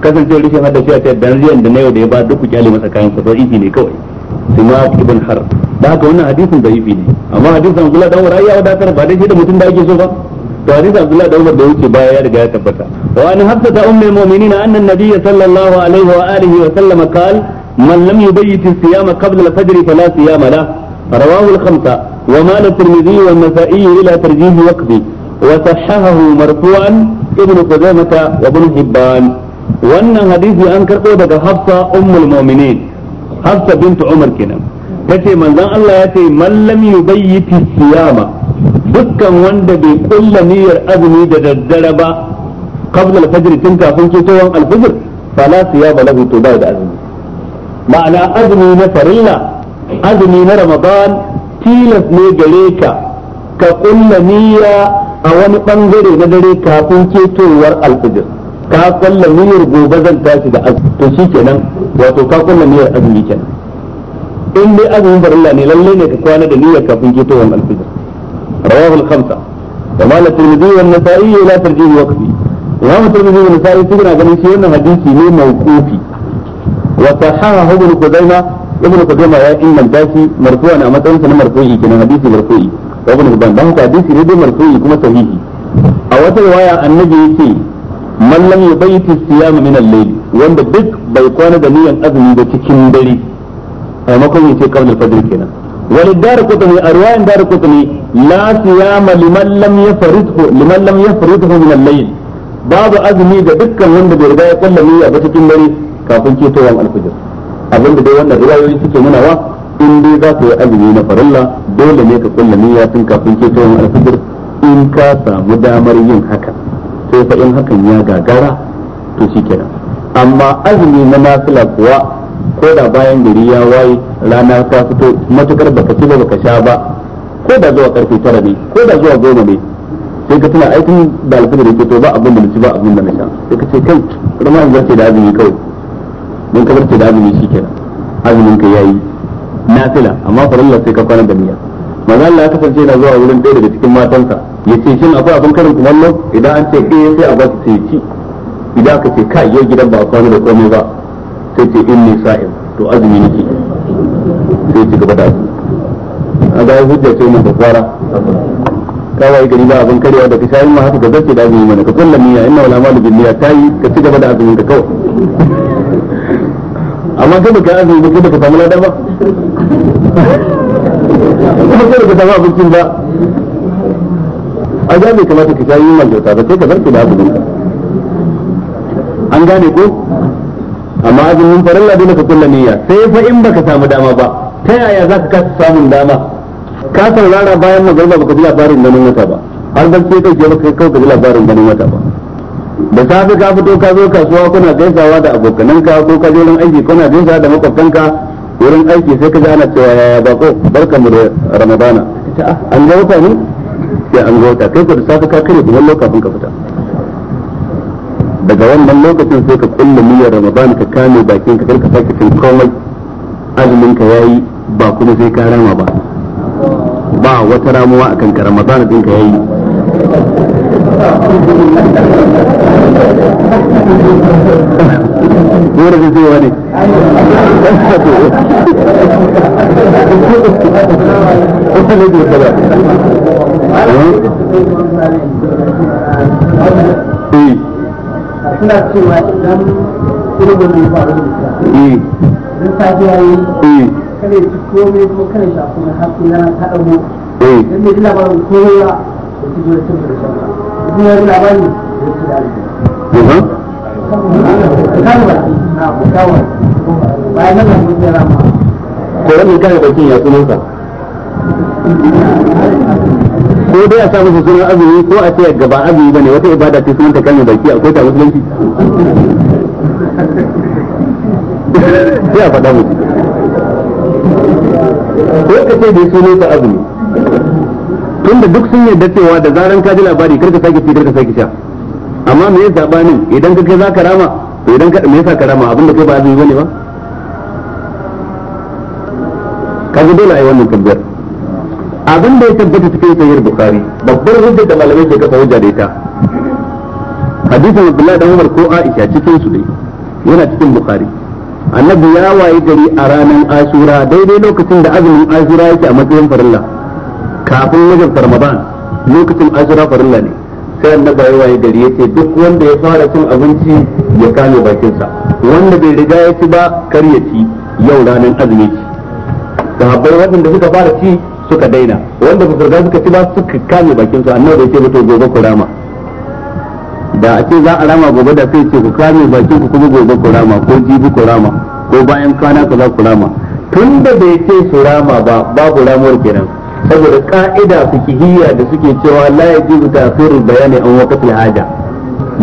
kasancewar rashin haddace a ta yadda da na yau da ya ba duk ku kyale masa kayan sa ne kawai simak ibn har da haka wannan hadisin yi ne amma hadisin Abdullah da Umar ai ya wadatar ba dai shi da mutum da ake so ba to hadisin Abdullah da Umar da yake baya ya riga ya tabbata wa an haddatha ummul mu'minin anna an-nabiyya sallallahu alaihi wa alihi wa sallam qala man lam yubayyit as qabla al-fajr fala siyama la rawahu al-khamsa ومال الترمذي والنسائي إلى ترجيح وقفه وصححه مرفوعا ابن خزيمة وابن حبان وأن حديث أنكر قودة حفصة أم المؤمنين حفصة بنت عمر كنا tace manzon Allah ya ce man lam yubayyiti siyama dukkan wanda bai kulla niyyar azumi da daddare ba qabla al-fajr tun kafin fitowar al-fajr fala siyama lahu to bai da azumi ma'ana azumi na farilla azumi na ramadan tilas ne gare ka ka kulla niyya a wani bangare na dare kafin ketowar al-fajr ka kulla niyyar gobe zan tashi da azumi to shikenan wato ka kulla niyyar azumi kenan in dai azumin farilla ne lalle ne ka kwana da niyyar kafin ketowar alfijir rawahu al-khamsa wa mal at-tirmidhi wa an-nasa'i la tarjihu waqti wa ma at-tirmidhi wa an-nasa'i suna ganin shi wannan hadisi ne mawqufi wa sahahahu ibn qudaima ibn qudaima ya inganta shi marfu'an a matsayin sa na marfu'i kenan hadisi marfu'i wa ibn hibban dan haka hadisi ne dai marfu'i kuma sahihi a wata riwaya annabi yake man lam yubayti siyam min al-layl wanda duk bai kwana da niyyar azumi ba cikin dare maimakon yace kawai al-fajr kenan wani a وللدار قطني أرواية دار قطني لا صيام لمن لم يفرده لمن لم يفرده من الليل babu azumi ga dukkan wanda bai riga ya kallame a cikin dare kafin ketowar alfajir abinda dai wannan ruwayoyi suke nuna wa in dai za ka yi azumi na farilla dole ne ka kullame ya tun kafin ketowar alfajir in ka samu damar yin haka sai fa in hakan ya gagara to shikenan amma azumi na nafila kuwa ko da bayan gari ya waye rana ta fito matukar baka ci ba baka sha ba ko da zuwa karfe tara ne ko da zuwa goma ne sai ka tuna aikin da da ke to ba abin da ci ba abin da na sha sai ka ce kai kuma in zarce da azumi kawai mun ka zarce da azumi shikenan azumin ka yayi fila amma farilla sai ka kwana da niyya maza Allah ya kasance yana zuwa wurin ɗaya daga cikin matansa ya ce shin akwai abin karin kumallo idan an ce ɗaya eh, sai a ba su ce ci idan aka ce kai yau gidan ba a kwana da komai ba sai ce inni sa'im to azumi nake sai ci gaba da azumi a ga hujja ce mai babbara kawai gari ba abin karewa da ka sha ma haka ga ce da azumi mana ka kulla niyya ina wala malu bin niyya tayi ka ci gaba da azumin ka kawai amma kai baka azumi ba kai baka samu ladar ba kuma kai baka samu abincin ba a ga kamata ka sha yi malgauta ba sai ka zarce da azumin ka an gane ko amma azumin farin ladu ka kulla niyya sai fa in baka samu dama ba ta yaya za ka kasa samun dama ka saurara bayan magariba baka ji labarin ganin wata ba har ban ce kai baka kai ka ji labarin ganin wata ba da safe ka fito ka zo kasuwa kuna gaisawa da abokananka ko ka je wurin aiki kuna gaisawa da makwabtanka wurin aiki sai ka ji ana cewa yaya bako barkamu da ramadana ah, an ga wata ne sai an ga wata kai ko da safe ka kare kuma lokacin ka fita daga wannan lokacin sai ka kulle niyyar ramadan ka kame bakin ka karka sake cin komai azumin ka yayi ba kuma sai ka rama ba ba wata ramuwa akan ka ramadan din ka yayi Dora da zai wani. Wani suna cewa idan ilimin ne ba da mutum idan safiya yi kada ya ci komai kuma ya shafi na haske na ta ɗago idan ne ji labarin kowa da ci zuwa cin da shan idan ya ji labarin da ci da arziki. Kowane kare bakin ya sunansa. ko dai a sa masa sunan azumi ko a ce gaba azumi bane wata ibada ce sunan ta kalmar baki akwai ta musulunci sai a faɗa mu ko ka ce dai sunan ta azumi tunda duk sun yarda cewa da zaran ka ji labari kar ka sake ci kar ka sake sha amma me ya sabanin idan ka kai za ka rama to idan ka me yasa ka rama abinda kai ba azumi bane ba kaga dole ai wannan tabbiyar abin da ya tabbata cikin sahih bukari babbar hujjar da malamai ke kafa hujja da ita hadisin abdullahi dan umar ko aisha cikin su dai yana cikin bukari annabi ya waye gari a ranar Asura daidai lokacin da azumin Asura yake a matsayin farilla kafin wajen ramadan lokacin asura farilla ne sai annabi ya waye gari yace duk wanda ya fara cin abinci ya kame bakinsa wanda bai riga ya ci ba kar ya ci yau ranar azumi ci sahabbai waɗanda suka fara ci suka daina wanda ba su riga suka ci ba suka kame bakin su annabi bai ce mutu gobe ku rama da a ce za a rama gobe da sai ce ku kame bakin ku kuma gobe ku rama ko jibi ku rama ko bayan kwana za ku rama tun da bai ce su rama ba babu ramuwar kenan saboda ka'ida fikihiyya da suke cewa la yajuzu ta'khirul bayani an waqtil haja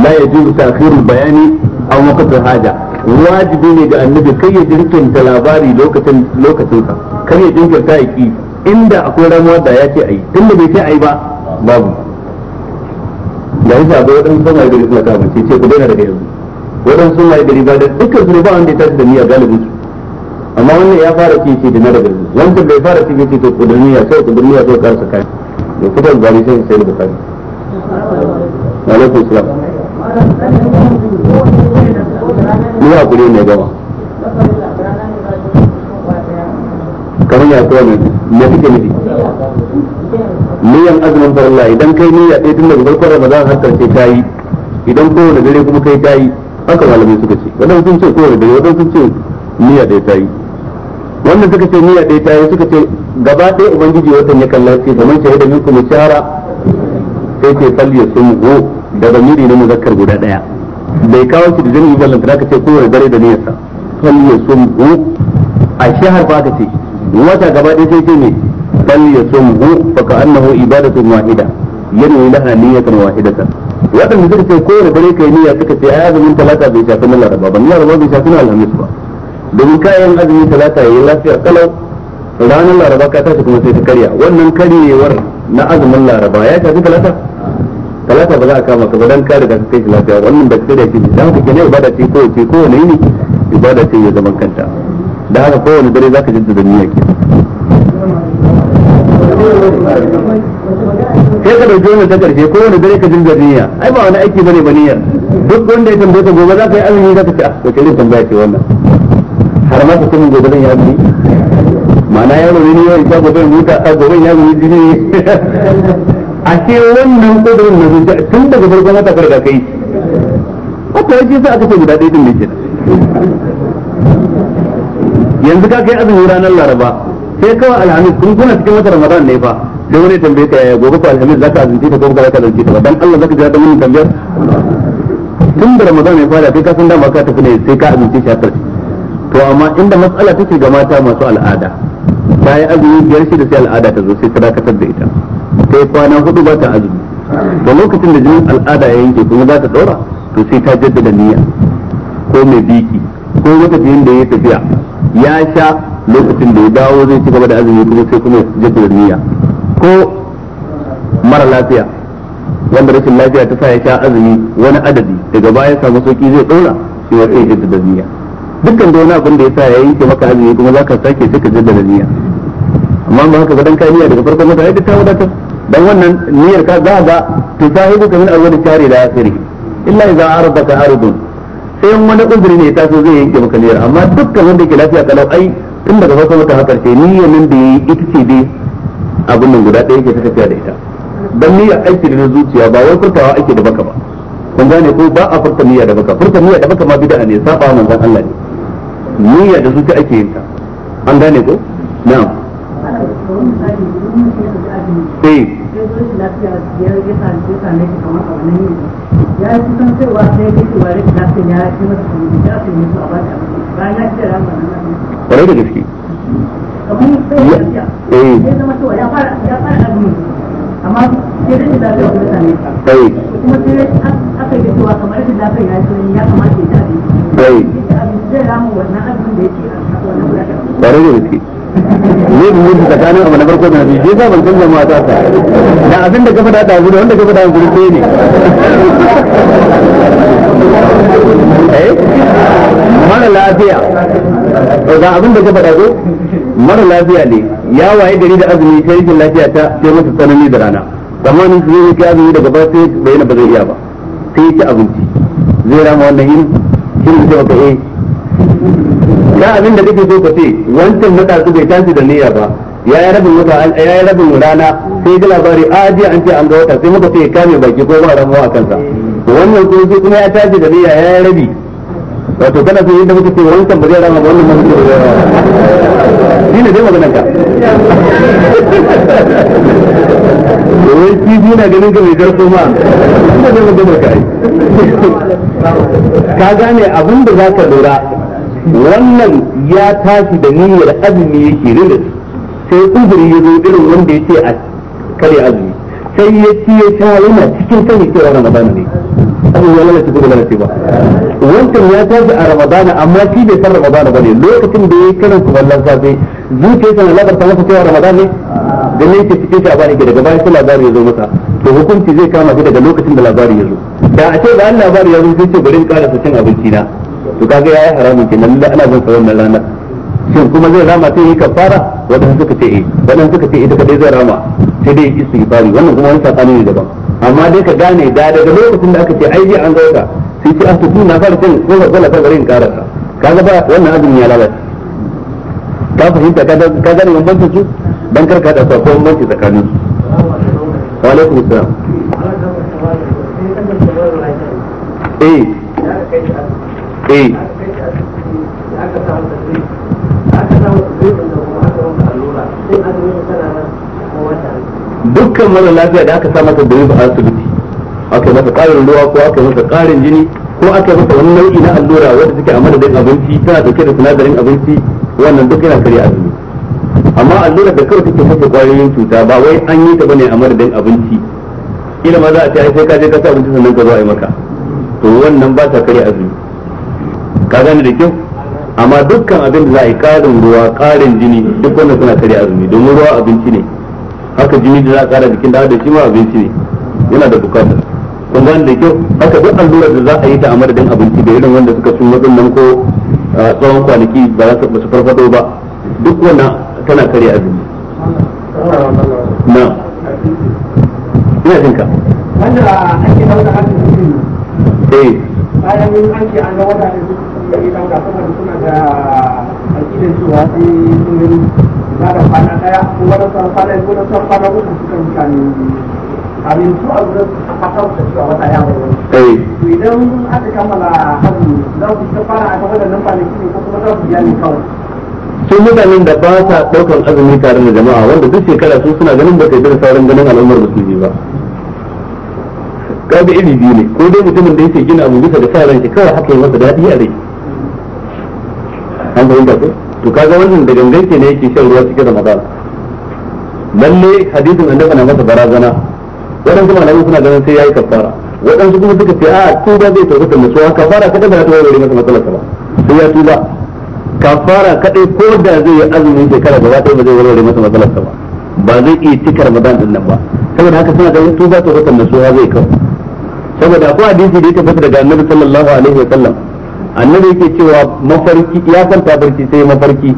la yajuzu ta'khirul bayani an waqtil haja wajibi ne ga annabi kai ya dinkanta labari lokacin lokacin ka kai ya dinkanta yaki inda akwai ramuwa da ya ce a yi tun da bai ce a yi ba babu da ya sabo bai waɗansu da gari suna kama ce ce ku daina daga yanzu waɗansu sun waye gari ba da dukkan su ne ba wanda ya tashi da niyya galibin su amma wannan ya fara ci ce da na daga yanzu wancan bai fara ci ce to kudurniya sai kudurniya sai karsa kai da fitar gari sai sai da bukari alaikum salam ni hakuri ne gama kamar ya kowa mai me kake nufi niyan azumin farilla idan kai niyya ɗaya tun daga farkon ramadan har karshe ta yi idan kowane dare kuma kai ta yi haka malamai suka ce wannan sun ce kowane dare wadan sun ce niyya ɗaya ta yi wannan suka ce niyya ɗaya ta yi suka ce gaba ɗaya ubangiji watan ya kalla ce domin shahida min kuma shahara sai ce ya sun go da zamiri na muzakkar guda ɗaya bai kawo shi da zai yi ballanta ka ce kowane dare da niyyarsa ya sun go a shahar ba ka ce wata gaba ɗaya sai sai ne bal ya sumhu fa ka annahu ibadatun wahida yanwi laha niyyatan ta waɗanda suka sai kowane bare kai niyya suka ce ai azumin talata bai shafi na laraba ba na laraba bai shafi na alhamis ba domin kayan azumin talata yayi lafiya kalau ranar laraba ka tashi kuma sai ta karya wannan karyewar na azumin laraba ya shafi talata talata ba za a kama ka ba dan kare riga ka kai lafiya wannan da kare shi da haka ne ibada ce ko ce ko ne ibada ce ya zaman kanta da haka kowane dare zaka da niyya ke sai ka dauke wani ta karshe kowane dare ka jaddada niyya ai ba wani aiki bane ba niyyar duk wanda ya tambaye ka gobe za ka yi azumi za ka ce ah wace irin tambaya ce wannan har ma ka kuma gobe zan yi azumi ma'ana yaro ne yau ita gobe in huta a gobe ya gobe jini ne a [LAUGHS] ce wannan kudurin na zuciya tun daga farkon wata farka kai haka yake sa aka ce guda ɗaya din ne ke yanzu ka kai azumi ranar laraba sai kawai alhamis kun kuna cikin wata ramadan ne fa sai wani tambaye ka gobe ko alhamis zaka azumi ta ko ba zaka azumi ta ba dan Allah zaka jira da mun tambayar tun da ramadan ya fara kai ka san dama ka tafi ne sai ka azumi shi har to amma inda matsala take ga mata masu al'ada ta yi azumi biyar shi da sai al'ada ta zo sai ta dakatar da ita kai kwana hudu ba ta azumi da lokacin da jinin al'ada ya yanke kuma za ta daura to sai ta jaddada niyya ko mai biki ko wata yin da ya tafiya ya sha lokacin da ya dawo zai ci gaba da azumi kuma sai kuma ya ji niyya ko mara lafiya wanda rashin lafiya ta sa ya sha azumi wani adadi daga baya samu sauki zai dora shi wa sai ya jaddada niyya dukkan da wani abin da ya sa ya yi yanke maka azumi kuma za ka sake sai ka da niyya amma ba haka ba dan kai daga farkon mata ai ta wadatar dan wannan niyyar ka za ga tusahibu kamin alwali shahri da akhiri illa idza arada ka aridun sai in wani uzuri ne ta so zai yanke maka niyyar amma dukkan wanda ke lafiya kalau ai tun daga farko wata hakar ce niyyar nan da yayi ita ce dai abin nan guda ɗaya ke ta tafiya da ita dan niyya aiki da zuciya ba wai furtawa ake da baka ba kun gane ko ba a furta niyya da baka furta niyya da baka ma bid'a ne saba manzon Allah ne niyya da zuciya ake yin ta an gane ko na'am eh lafiya ya ya sami ya same shi kamar a wannan yin ya yi kusan cewa sai ya ce ware da lafiya ya ce masa ya a ba da bayan ya ce kwarai da gaske kamar sai ya eh. ya zama cewa ya fara ya fara amma lafiya eh. kuma sai aka yi cewa kamar lafiya ya ya kamata ya ce eh. zai ramu wannan da a wannan kwarai da gaske ne da yin tsakanin abu na farko da biyu ban ta da abin da ka da abu da wanda ka da ne eh mara lafiya ga abin da ka da ko mara lafiya ne ya waye gari da azumi sai rikin lafiya ta sai masa tsanani da rana zamanin su zai ya azumi daga ba sai bayyana ba zai iya ba sai ya abinci zai rama wannan yin shi ne ka eh ya abin da kake so ka ce wancan na su bai tashi da niyya ba ya yi rabin wata ya yi rabin rana sai ji labari a ji an ce an ga wata sai muka ce ya kame baki ko ba rabuwa a kansa wannan kuma sai kuma ya tashi da niyya ya yi rabi wato kana so yadda muka ce wancan ba zai rama ba wannan ba muka ba shi ne dai maganar ka wai kifi na ganin ka mai zarto ma shi ne dai maganar ka ka gane abin da za ka lura wannan ya tashi da niyyar azumi yake rinda sai uzuri ya zo irin wanda ya ce a kare azumi sai ya ci ya sha yana cikin sani cewa ramadana ne abin ya lalace ko lalace ba wancan ya tashi a ramadana amma shi bai san ramadana ba ne lokacin da ya karin su ballan safe zuciya sana labarta masa cewa ramadana ne da ne ke cikin shi a bani daga bayan sai labari ya zo masa to hukunci zai kama shi daga lokacin da labari ya zo da a ce da an labari ya zo sai ce bari in su cin abinci na to kaga yayi haramun nan lalle ana zan sa wannan ranar shin kuma zai rama sai yi kafara wadanda suka ce eh wadanda suka ce eh daga dai zai rama sai dai yi istighfari wannan kuma wani sakani ne daban amma dai ka gane da daga lokacin da aka ce ai an ga wata sai ce ah to na fara cin ko ka ta garin karasa kaga ba wannan abin ya lalace ka fahimta ka gane bambancin su dan kar ka dauka ko bambanci tsakanin su wa alaikum assalam eh eh dukkan mara lafiya da aka samata da yin a asibiti aka masa ƙarin ruwa ko aka masa ƙarin jini ko aka masa wani nau'i na allura wanda suke a madadin abinci tana dauke da sinadarin abinci wannan duk yana karya azumi amma allura da kawai take kashe kwayoyin cuta ba wai an yi ta bane a madadin abinci kila ma za a ce ai sai ka je ka sa abinci sannan ka zo a yi maka to wannan ba ta karya azumi ka gane da kyau amma dukkan abin da za a yi karin ruwa karin jini duk wanda suna karya azumi domin ruwa abinci ne haka jini da za a kara jikin da da shi ma abinci ne yana da bukata kun gane da kyau haka duk allurar da za a yi ta a madadin abinci da irin wanda suka sun matsin nan ko tsawon kwanaki ba za su farfado ba duk wanda tana karya azumi na ina jinka wanda ake eh bayan an ga wata ne gari dauka saboda da aƙidar cewa ba da kwana azumi za ku a sun mutanen da ba sa azumi tare da jama'a wanda duk shekara su suna ganin ba ta da sauran ganin al'ummar musulmi ba kaga iri biyu ne ko dai mutumin da yake gina abu bisa da sa ranki kawai haka yi masa daɗi a rai an fahimta ko to kaga wannan da ganganci ne yake shan ruwa cikin ramadan lalle hadisin annabi na masa barazana waɗansu malamai suna ganin sai yayi kafara waɗansu kuma suka ce a tuba zai tafi da mutuwa kafara kada ba ta warware masa matsalar ba sai ya tuba kafara kadai ko da zai yi azumin shekara ta yi ba zai warware masa matsalar ba ba zai iya cika ramadan din nan ba saboda haka suna ganin tuba tafi da mutuwa zai kawo saboda ko hadisi da ya tabbata daga annabi sallallahu alaihi wa sallam annabi yake cewa mafarki ya kwanta barci sai mafarki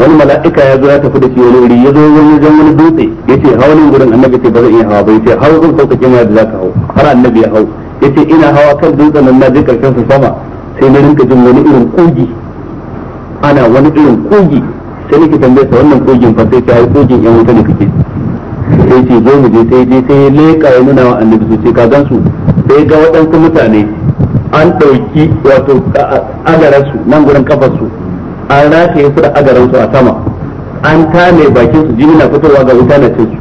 wani mala'ika ya zo ya tafi da shi wani wuri ya zo wani zan wani dutse ya ce hawa nan gurin annabi ce ba zan iya hawa ba ya ce hawa zan sauka kima da za ka hau har annabi ya hau ya ce ina hawa kan dutsen nan na je karshen su sama sai na rinka jin wani irin kogi ana wani irin kogi sai nake tambaye sa wannan kogin fa sai ta yi kogin yan wuta ne kake sai ce zo mu je sai je sai leƙa ya nuna wa annabi su ce ka gan su sai ga waɗansu mutane an ɗauki wato agararsu nan gurin kafarsu an rataye su da agararsu a sama an tame bakin su jini na fitowa ga wuta na cinsu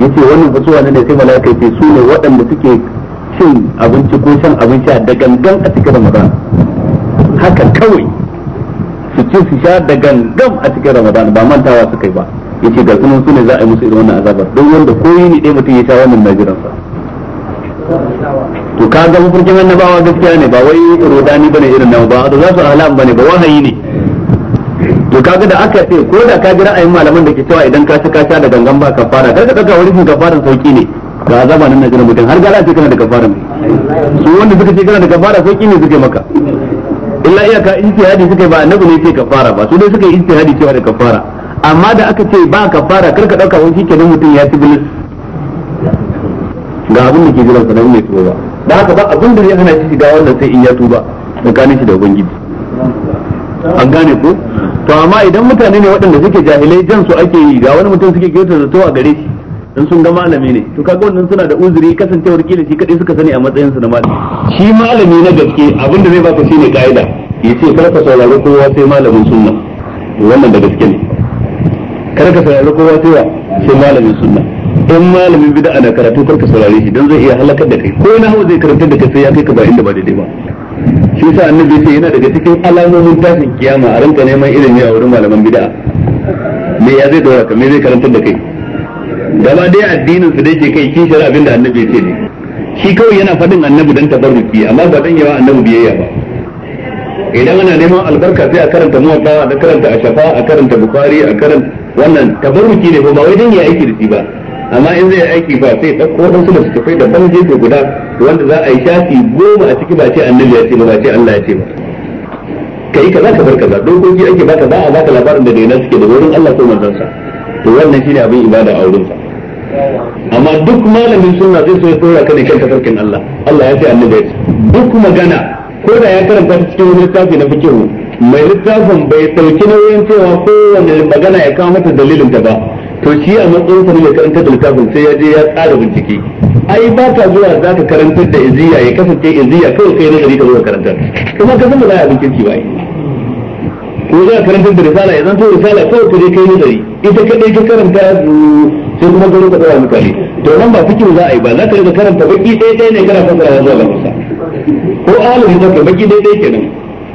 yace wannan fitowa ne sai malaka ce su ne waɗanda suke cin abinci ko shan abinci da gangan a cikin ramadan haka kawai su ci su sha da gangan a cikin ramadan ba mantawa su kai ba yace ga sunan su ne za a yi musu irin wannan azabar don wanda koyi ne ɗaya mutum ya sha wannan majiransa to ka ga mafarkin annabawa gaskiya ne ba wai rodani bane irin nan ba za su halam bane ba wahayi ne to kaga da aka ce ko da ka ji ra'ayin malaman da ke cewa idan ka ci ka sha da gangan ba kafara kaga daga fi kafaran sauki ne ga azaba nan na jira mutum har gara ce kana da kafaran su wanda suka ce kana da kafara sauki ne suke maka illa iyaka ijtihadi suka ba annabi ne sai kafara ba su dai suka yi ijtihadi cewa da kafara amma da aka ce ba kafara karka dauka wani shi kenan mutum ya ci bilis ga abin da ke jiran sa nan ne ba da haka ba abin da ya hana shi shiga wannan sai in ya tuba gane shi da ubangiji an gane ko to amma idan mutane ne waɗanda suke jahilai jan su ake yi ga wani mutum suke kyautar zato a gare shi in sun ga malami ne to kaga wannan suna da uzuri kasancewar kila shi kadai suka sani a matsayin su na malami shi malami na gaske abin da zai baka shine kaida ya ce kar ka saurari kowa sai malamin sunna wannan da gaske ne kar ka saurari kowa sai malamin sunna in malamin bid'a na karatu karka saurare shi don zai iya halakar da kai ko na hawa zai karanta da kai sai ya kai ka ba inda ba daidai ba shi yasa annabi ya ce yana daga cikin alamomin tashin kiyama a ranka neman ilimi a wurin malaman bid'a me ya zai dora ka me zai karantar da kai gaba dai addinin su dai ke kai kin abin abinda annabi ya ce ne shi kawai yana faɗin annabi dan tabarruki amma ba dan yawa annabi biyayya ba idan ana neman albarka sai a karanta muwatta a karanta ashafa a karanta bukari a karanta wannan tabarruki ne ba wai dan ya aiki da shi ba amma in zai aiki ba sai ɗauko waɗansu da suka da ban gefe guda wanda za a yi shafi goma a ciki ba ce annabi ya ce ba ba ce Allah ya ce ba ka yi kaza ka bar kaza dokoki ake baka ba a baka labarin da daina suke da wurin Allah ko manzon sa to wannan shine abin ibada a wurin sa amma duk malamin sunna zai so ya tsora kan ne sarkin Allah Allah ya ce annabi ya ce duk magana ko da ya karanta ta cikin wani littafi na fikihu mai littafin bai sauki nauyin cewa kowane magana ya kawo mata dalilin ta ba to shi a matsayin sa ne karanta da littafin sai ya je ya tsara bincike ai ba ka zuwa za ka karantar da iziya ya kasance iziya kawai kai na gari ka zo ka karantar kuma ka san ba za a bincike ba ko za ka karanta da risala ya zanto risala kawai ka je kai na gari ita kadai ka karanta sai kuma gari ka tsara mutane to nan ba fikin za a yi ba za ka riga karanta baki ɗaya ɗaya ne kana fasara zuwa ga musa ko alimi ka baki ɗaya ɗaya kenan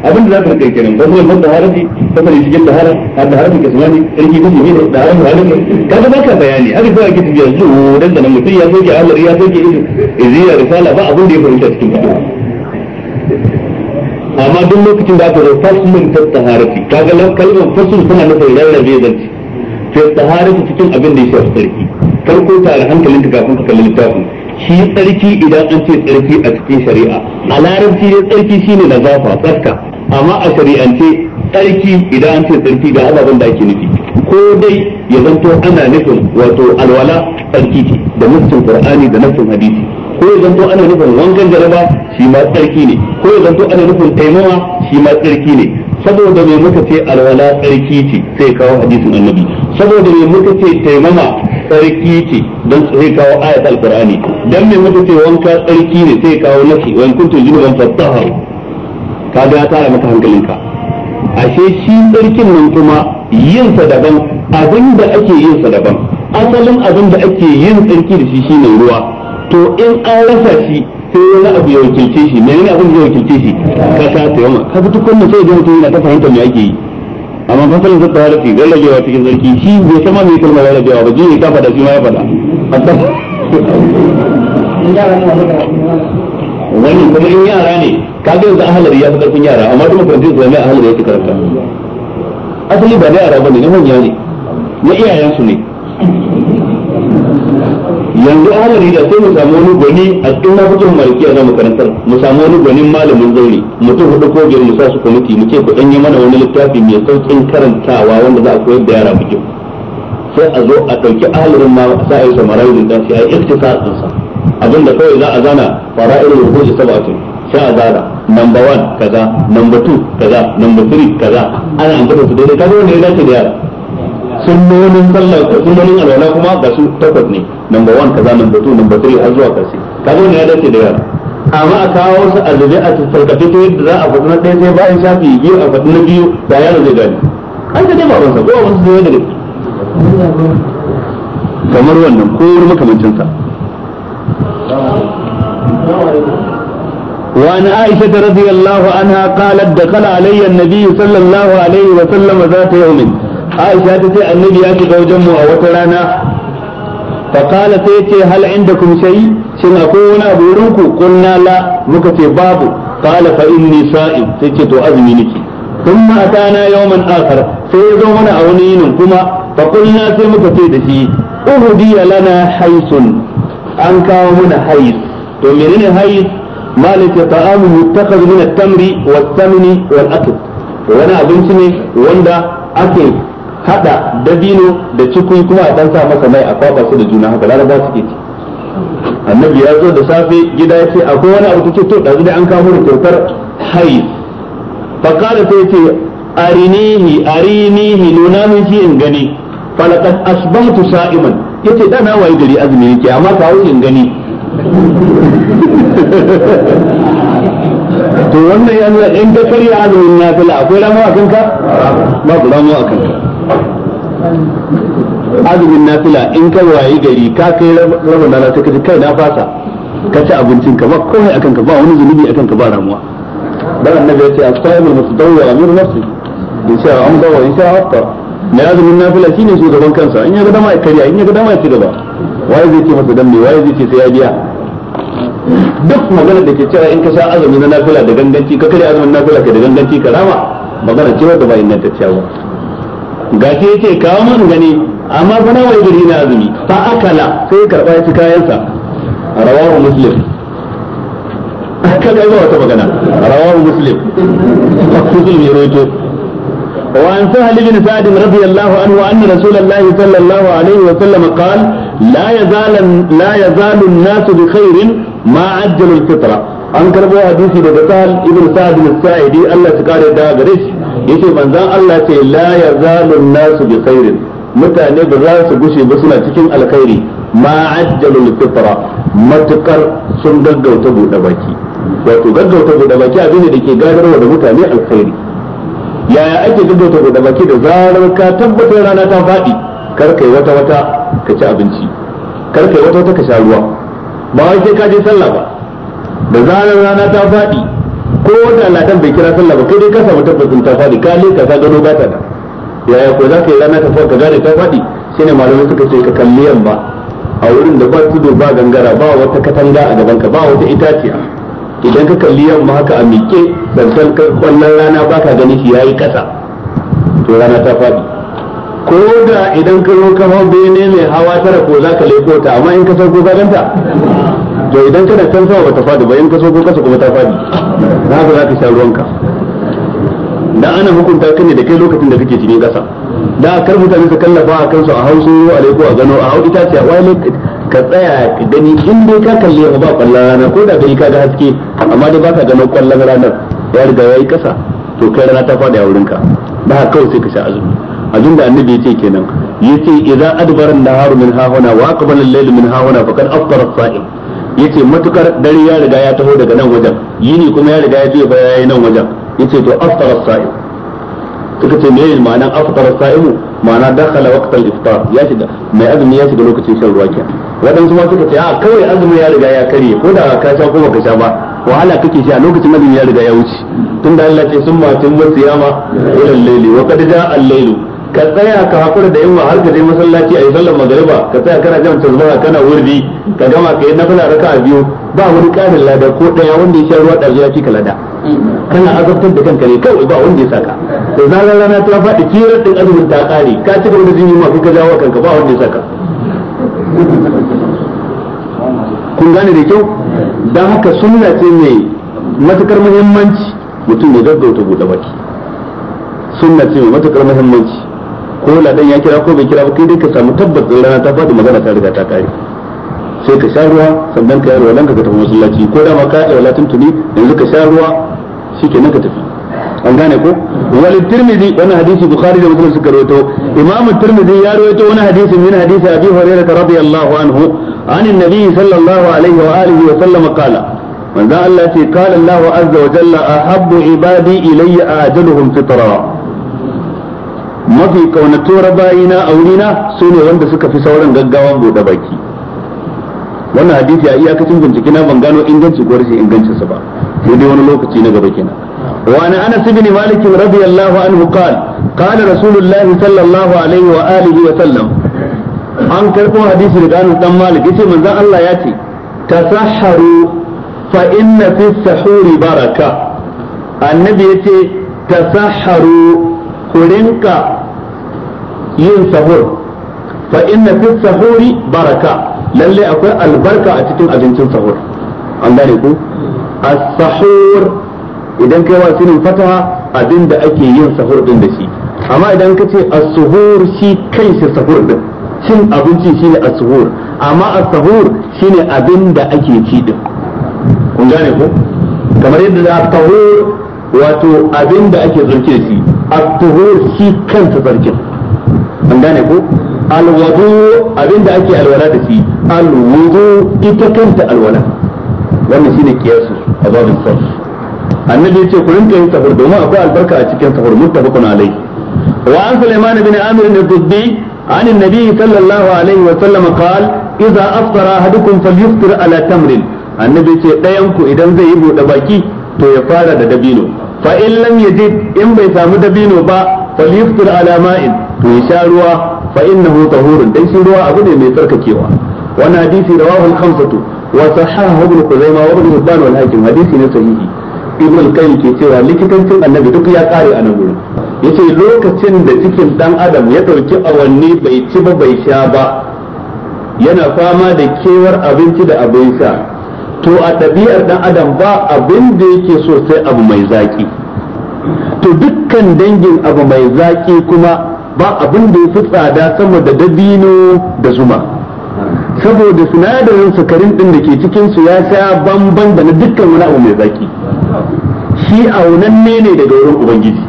abin da za ka rika kenan ba zai mutu ba zai shige da hara har da harafin kasmani sarki ko ne da harafi ka ga baka bayani haka kawai ake tafiya zo dan da mutu ya soke amr ya soke ya risala ba abin da ya furta cikin ta amma duk lokacin da aka zo faslun ta taharafi kaga kalmar faslun da nufin rarrabe zanci ta taharafi cikin abin da ya shafi sarki farko tare hankalinka kafin ka kalli littafin shi tsarki idan an ce tsarki a cikin shari'a a larabci ne tsarki shine zafa tsarka amma a shari'ance tsarki idan an ce tsarki ga ababen da ake nufi ko dai ya zanto ana nufin wato alwala tsarki ce da nufin qur'ani da nufin hadisi ko ya zanto ana nufin wankan jaraba shi ma tsarki ne ko ya zanto ana nufin taimama shi ma tsarki ne saboda mai muka ce alwala tsarki ce sai kawo hadisin annabi saboda mai muka ce taimama tsarki ce don sai kawo ayat alqur'ani dan me mutu ce wanka tsarki ne sai kawo nafi wa in kuntum junuban fatahar kaga ya tara maka hankalinka ashe shi tsarkin nan kuma yin sa daban abin da ake yin sa daban asalin abin da ake yin tsarki da shi shine ruwa to in an rasa shi sai wani abu ya wakilce shi menene abin da ya wakilce shi ka sa ta yawa ka bi wannan sai da mutum yana ta fahimta me ake yi amma fasalin zata ya rufi lallabewa cikin zarki shi bai sama mai kalma kalmar lallabewa ba jiya ka fada shi ma ya fada wannan kuma in yara ne ka ga yanzu ahalari ya fi karfin yara amma kuma duk su zama ahalari ya fi karfin asali ba na yara ba ne na manya ne na iyayensu ne yanzu alal da sai mu samu wani gwani a cikin mafikin malikiya za mu karantar mu samu wani gwanin malamin zauri mutum hudu ko biyar mu sa su kwamiti mu ce ku danye mana wani littafi mai saukin karantawa wanda za a koyar da yara bikin sai a zo a ɗauki ahalin ma a sa a yi samarai da sai a yi a ɗinsa abinda kawai za a zana fara'ir rubuci saba'atun sai a zana namba one kaza namba two kaza namba three kaza ana an gaba su daidai kaza wanda ya dace da yara sun nonin sallah sun nonin alwala kuma ga su takwas ne number 1 kaza number 2 number 3 har zuwa karshe kaga ne ya dace da yara amma a kawo su a zube a farkafe ta yadda za a faɗi na ɗaya sai bayan shafi biyu a faɗi na biyu da yaro zai gani an ta dama wansa kowa wasu zai daga kamar wannan ko wani makamancinsa وعن عائشة رضي الله عنها قالت دخل علي النبي صلى الله عليه وسلم ذات يوم عائشة تتي النبي أتي وجمه وترانا فقال سيتي هل عندكم شيء شن أكون أبورنكو قلنا لا مكتي بابو قال فإني صائم سيتي تو أزمي ثم أتانا يوما آخر سيزومنا أونين كما فقلنا سي مكتي دشي أهدي لنا حيث أنك ومن حيث ومنين حيث مالك طعام يتخذ من التمر والثمن والأكل وانا أبنسني وانا أكل هذا dabino da cikui kuma a dan sa masa mai a kwaba su da juna haka laraba suke ci annabi ya zo da safe gida ya ce akwai wani abu kake to dazu da an kawo da kyautar fa fakara ta yace arinihi arinihi nuna min shi in gani falaqad asbahtu sa'iman yace da na wayi gari azumi yake amma wuce in gani [LAUGHS] to wannan yanzu in ka karya azumin nafila akwai rama a kanka ba ku rama a kanka azumin nafila in ka wayi gari ka kai rabin rana sai ka kai na fasa ka ci abincin ka ba komai akan ka ba wani zunubi akan ka ba ramuwa dan annabi ya ce as-saimu mutadawwa amir nafsi in sha an bawa in sha hatta na azumin nafila shine shugaban kansa in ya ga dama ya karya in ya ga dama ya ci gaba waye zai ce masa dan me waye zai ce sai ya biya duk magana da ke cewa in ka sha azumin na nafila da ganganci ka kai azumin nafila ka da ganganci ka rama magana ce wadda ba ta cewa. ga shi ya ce kawo man gani amma fa nawa yadda na azumi fa akala sai ya karɓa yaci kayansa rawahu muslim aka ga yawa wata magana rawahu muslim fakutul mai roto wa an sahal ibn sa'd radiyallahu anhu anna rasulullahi sallallahu alaihi wa sallam qala la yazal la yazal an-nas bi khairin ma ajjal al-fitra an karbo hadisi daga sahal ibn sa'd al-sa'idi Allah ya da gare shi yace manzon Allah ce la yazalu nasu bi khairin mutane ba za su gushe ba suna cikin alkhairi ma ajjalul fitra matukar sun gaggauta bude baki wato gaggauta bude baki abin da ke gadarwa da mutane alkhairi yaya ake gaggauta bude baki da zarar ka tabbatar rana ta faɗi kar kai wata wata ka ci abinci kar kai wata wata ka sha ruwa ba wai sai ka je sallah ba da zarar rana ta faɗi ko da ladan bai kira sallah ba kai dai ka samu tabbacin ta fadi ka le ka gano ba da yaya ko za ka yi rana ta faɗi ka gane ta fadi ne malamai suka ce ka kalli yamma a wurin da ba tudu ba gangara ba wata katanga a gaban ka ba wata itaciya idan ka kalli yamma haka a miƙe dantan kwallon rana ba ka gani shi yayi ƙasa. to rana ta fadi ko da idan ka zo ka hau bene mai hawa tara ko za ka leko ta amma in ka sauko ka ganta to idan kana kan sama bata fadi ba in ka so ko kasa kuma ta fadi na haka za ka sha ruwanka da ana hukunta ka ne da kai lokacin da kake cikin kasa da kar mutane su kallafa a kansu a hausu a leko a gano a hau ita ce a wani ka tsaya ka gani in dai ka kalli ba kwallon rana ko da kai ka ga haske amma dai ba ka gano kwallon ranar ya riga yayi kasa to kai rana ta fadi a wurin da haka kawai sai ka sha azumi abin da annabi ya ce kenan yace idza adbara an-naharu min hahuna wa aqbala al-laylu min hahuna faqad aftara as-sa'im yace matukar dare ya riga ya taho daga nan wajen yini kuma ya riga ya je baya yayi nan wajen yace to aftara sa'im kuka ce meye ma'anan aftara sa'imu ma'ana dakhala waqtal iftar ya shiga mai azumi ya shiga lokacin shan ruwa kenan wadansu ma suka ce a kawai azumi ya riga ya karye ko da ka sha ko baka sha ba wahala kake shi a lokacin azumi ya riga ya wuce tunda Allah ce summa tumma siyama ila al-layli wa qad ja'a al-laylu ka tsaya ka hakura da yawa har ka je masallaci a yi sallar magariba ka tsaya kana jan tazbaha kana wurdi ka gama ka yi nafila raka a biyu ba wani karin lada ko daya wanda ya sha ruwa ɗazu ya ka lada kana azabtar da kanka ne kawai ba wanda ya saka da zarar rana ta faɗi kirar ɗin azumin ta ƙare ka ci gaba da jini ma ka jawo kanka ba wanda ya saka kun gane da kyau don haka sunna ce mai matukar muhimmanci mutum ya gaggauta buɗe baki sunna ce mai matukar muhimmanci ko ladan ya kira ko bai kira ba kai dai ka samu tabbas din rana ta fadi magana ta riga ta kare sai ka sha ruwa sannan ka yi ruwa nan ka tafi masallaci ko dama ka yi walatin tuni yanzu ka sha ruwa shikenan ka tafi an gane ko wal tirmidhi wani hadisi bukhari da muslim suka rawaito imam tirmidhi ya rawaito wani hadisi min hadisi abi hurairah radiyallahu anhu عن النبي صلى الله عليه وآله وسلم قال من ذا التي قال الله عز وجل أحب عبادي إلي أعجلهم فطرًا mafi kaunatuwar bayina a wurina su ne wanda suka fi sauran gaggawan bude baki wannan hadisi a iyakacin bincike na ban gano inganci ko rashin ingancin sa ba sai dai wani lokaci na gaba kenan wa ana anas ibn malik radiyallahu anhu qala qala rasulullah sallallahu alaihi wa alihi wa sallam an karbo hadisi daga anas dan malik yace manzon Allah ya ce tasahharu fa inna fi sahuri baraka annabi yace tasahharu ku rinka yin sahur fa inna fi sahuri baraka lalle akwai albarka a cikin abincin sahur an gane ku as-sahur idan kai wa sinin fataha abin da ake yin sahur din da shi amma idan ka ce as-suhur shi kai shi sahur din cin abinci shine as-suhur amma as-sahur shine abin da ake ci din kun gane ku kamar yadda as-sahur wato abin da ake zurke shi as-suhur shi kansa zurkin an gane ko alwudu abinda ake alwala da shi alwudu ita kanta alwala wannan shine kiyasu a babin sarf annabi yace ku rinka yin sahur domin akwai albarka a cikin sahur muttafaqun alai wa an sulaiman bin amir bin dubbi عن النبي صلى الله عليه وسلم قال إذا أفطر أحدكم فليفطر على تمر النبي ce ɗayanku idan zai yi buɗe baki to ya fara da dabino fa in lam yajid in bai samu dabino ba falyuftir ala ma'in to ya sha ruwa fa innahu tahurun dan shi ruwa abu ne mai tsarkakewa wannan hadisi rawahu al-khamsatu wa sahahahu ibn Khuzaima wa ibn Hibban wal Hakim hadisi ne sahihi ibn al-Qayyim ke cewa likitancin annabi duk ya kare a nan gurin yace lokacin da cikin dan adam ya dauki awanni bai ci ba bai sha ba yana fama da kewar abinci da abin sha to a ɗabi'ar dan adam ba abin da yake so sai abu mai zaki to dukkan dangin abu mai zaki kuma ba abin da ya fi tsada sama da dabino da zuma saboda sinadarin sukarin din da ke cikin su ya sa bamban da na dukkan wani abu mai zaki shi aunanne ne daga wurin ubangiji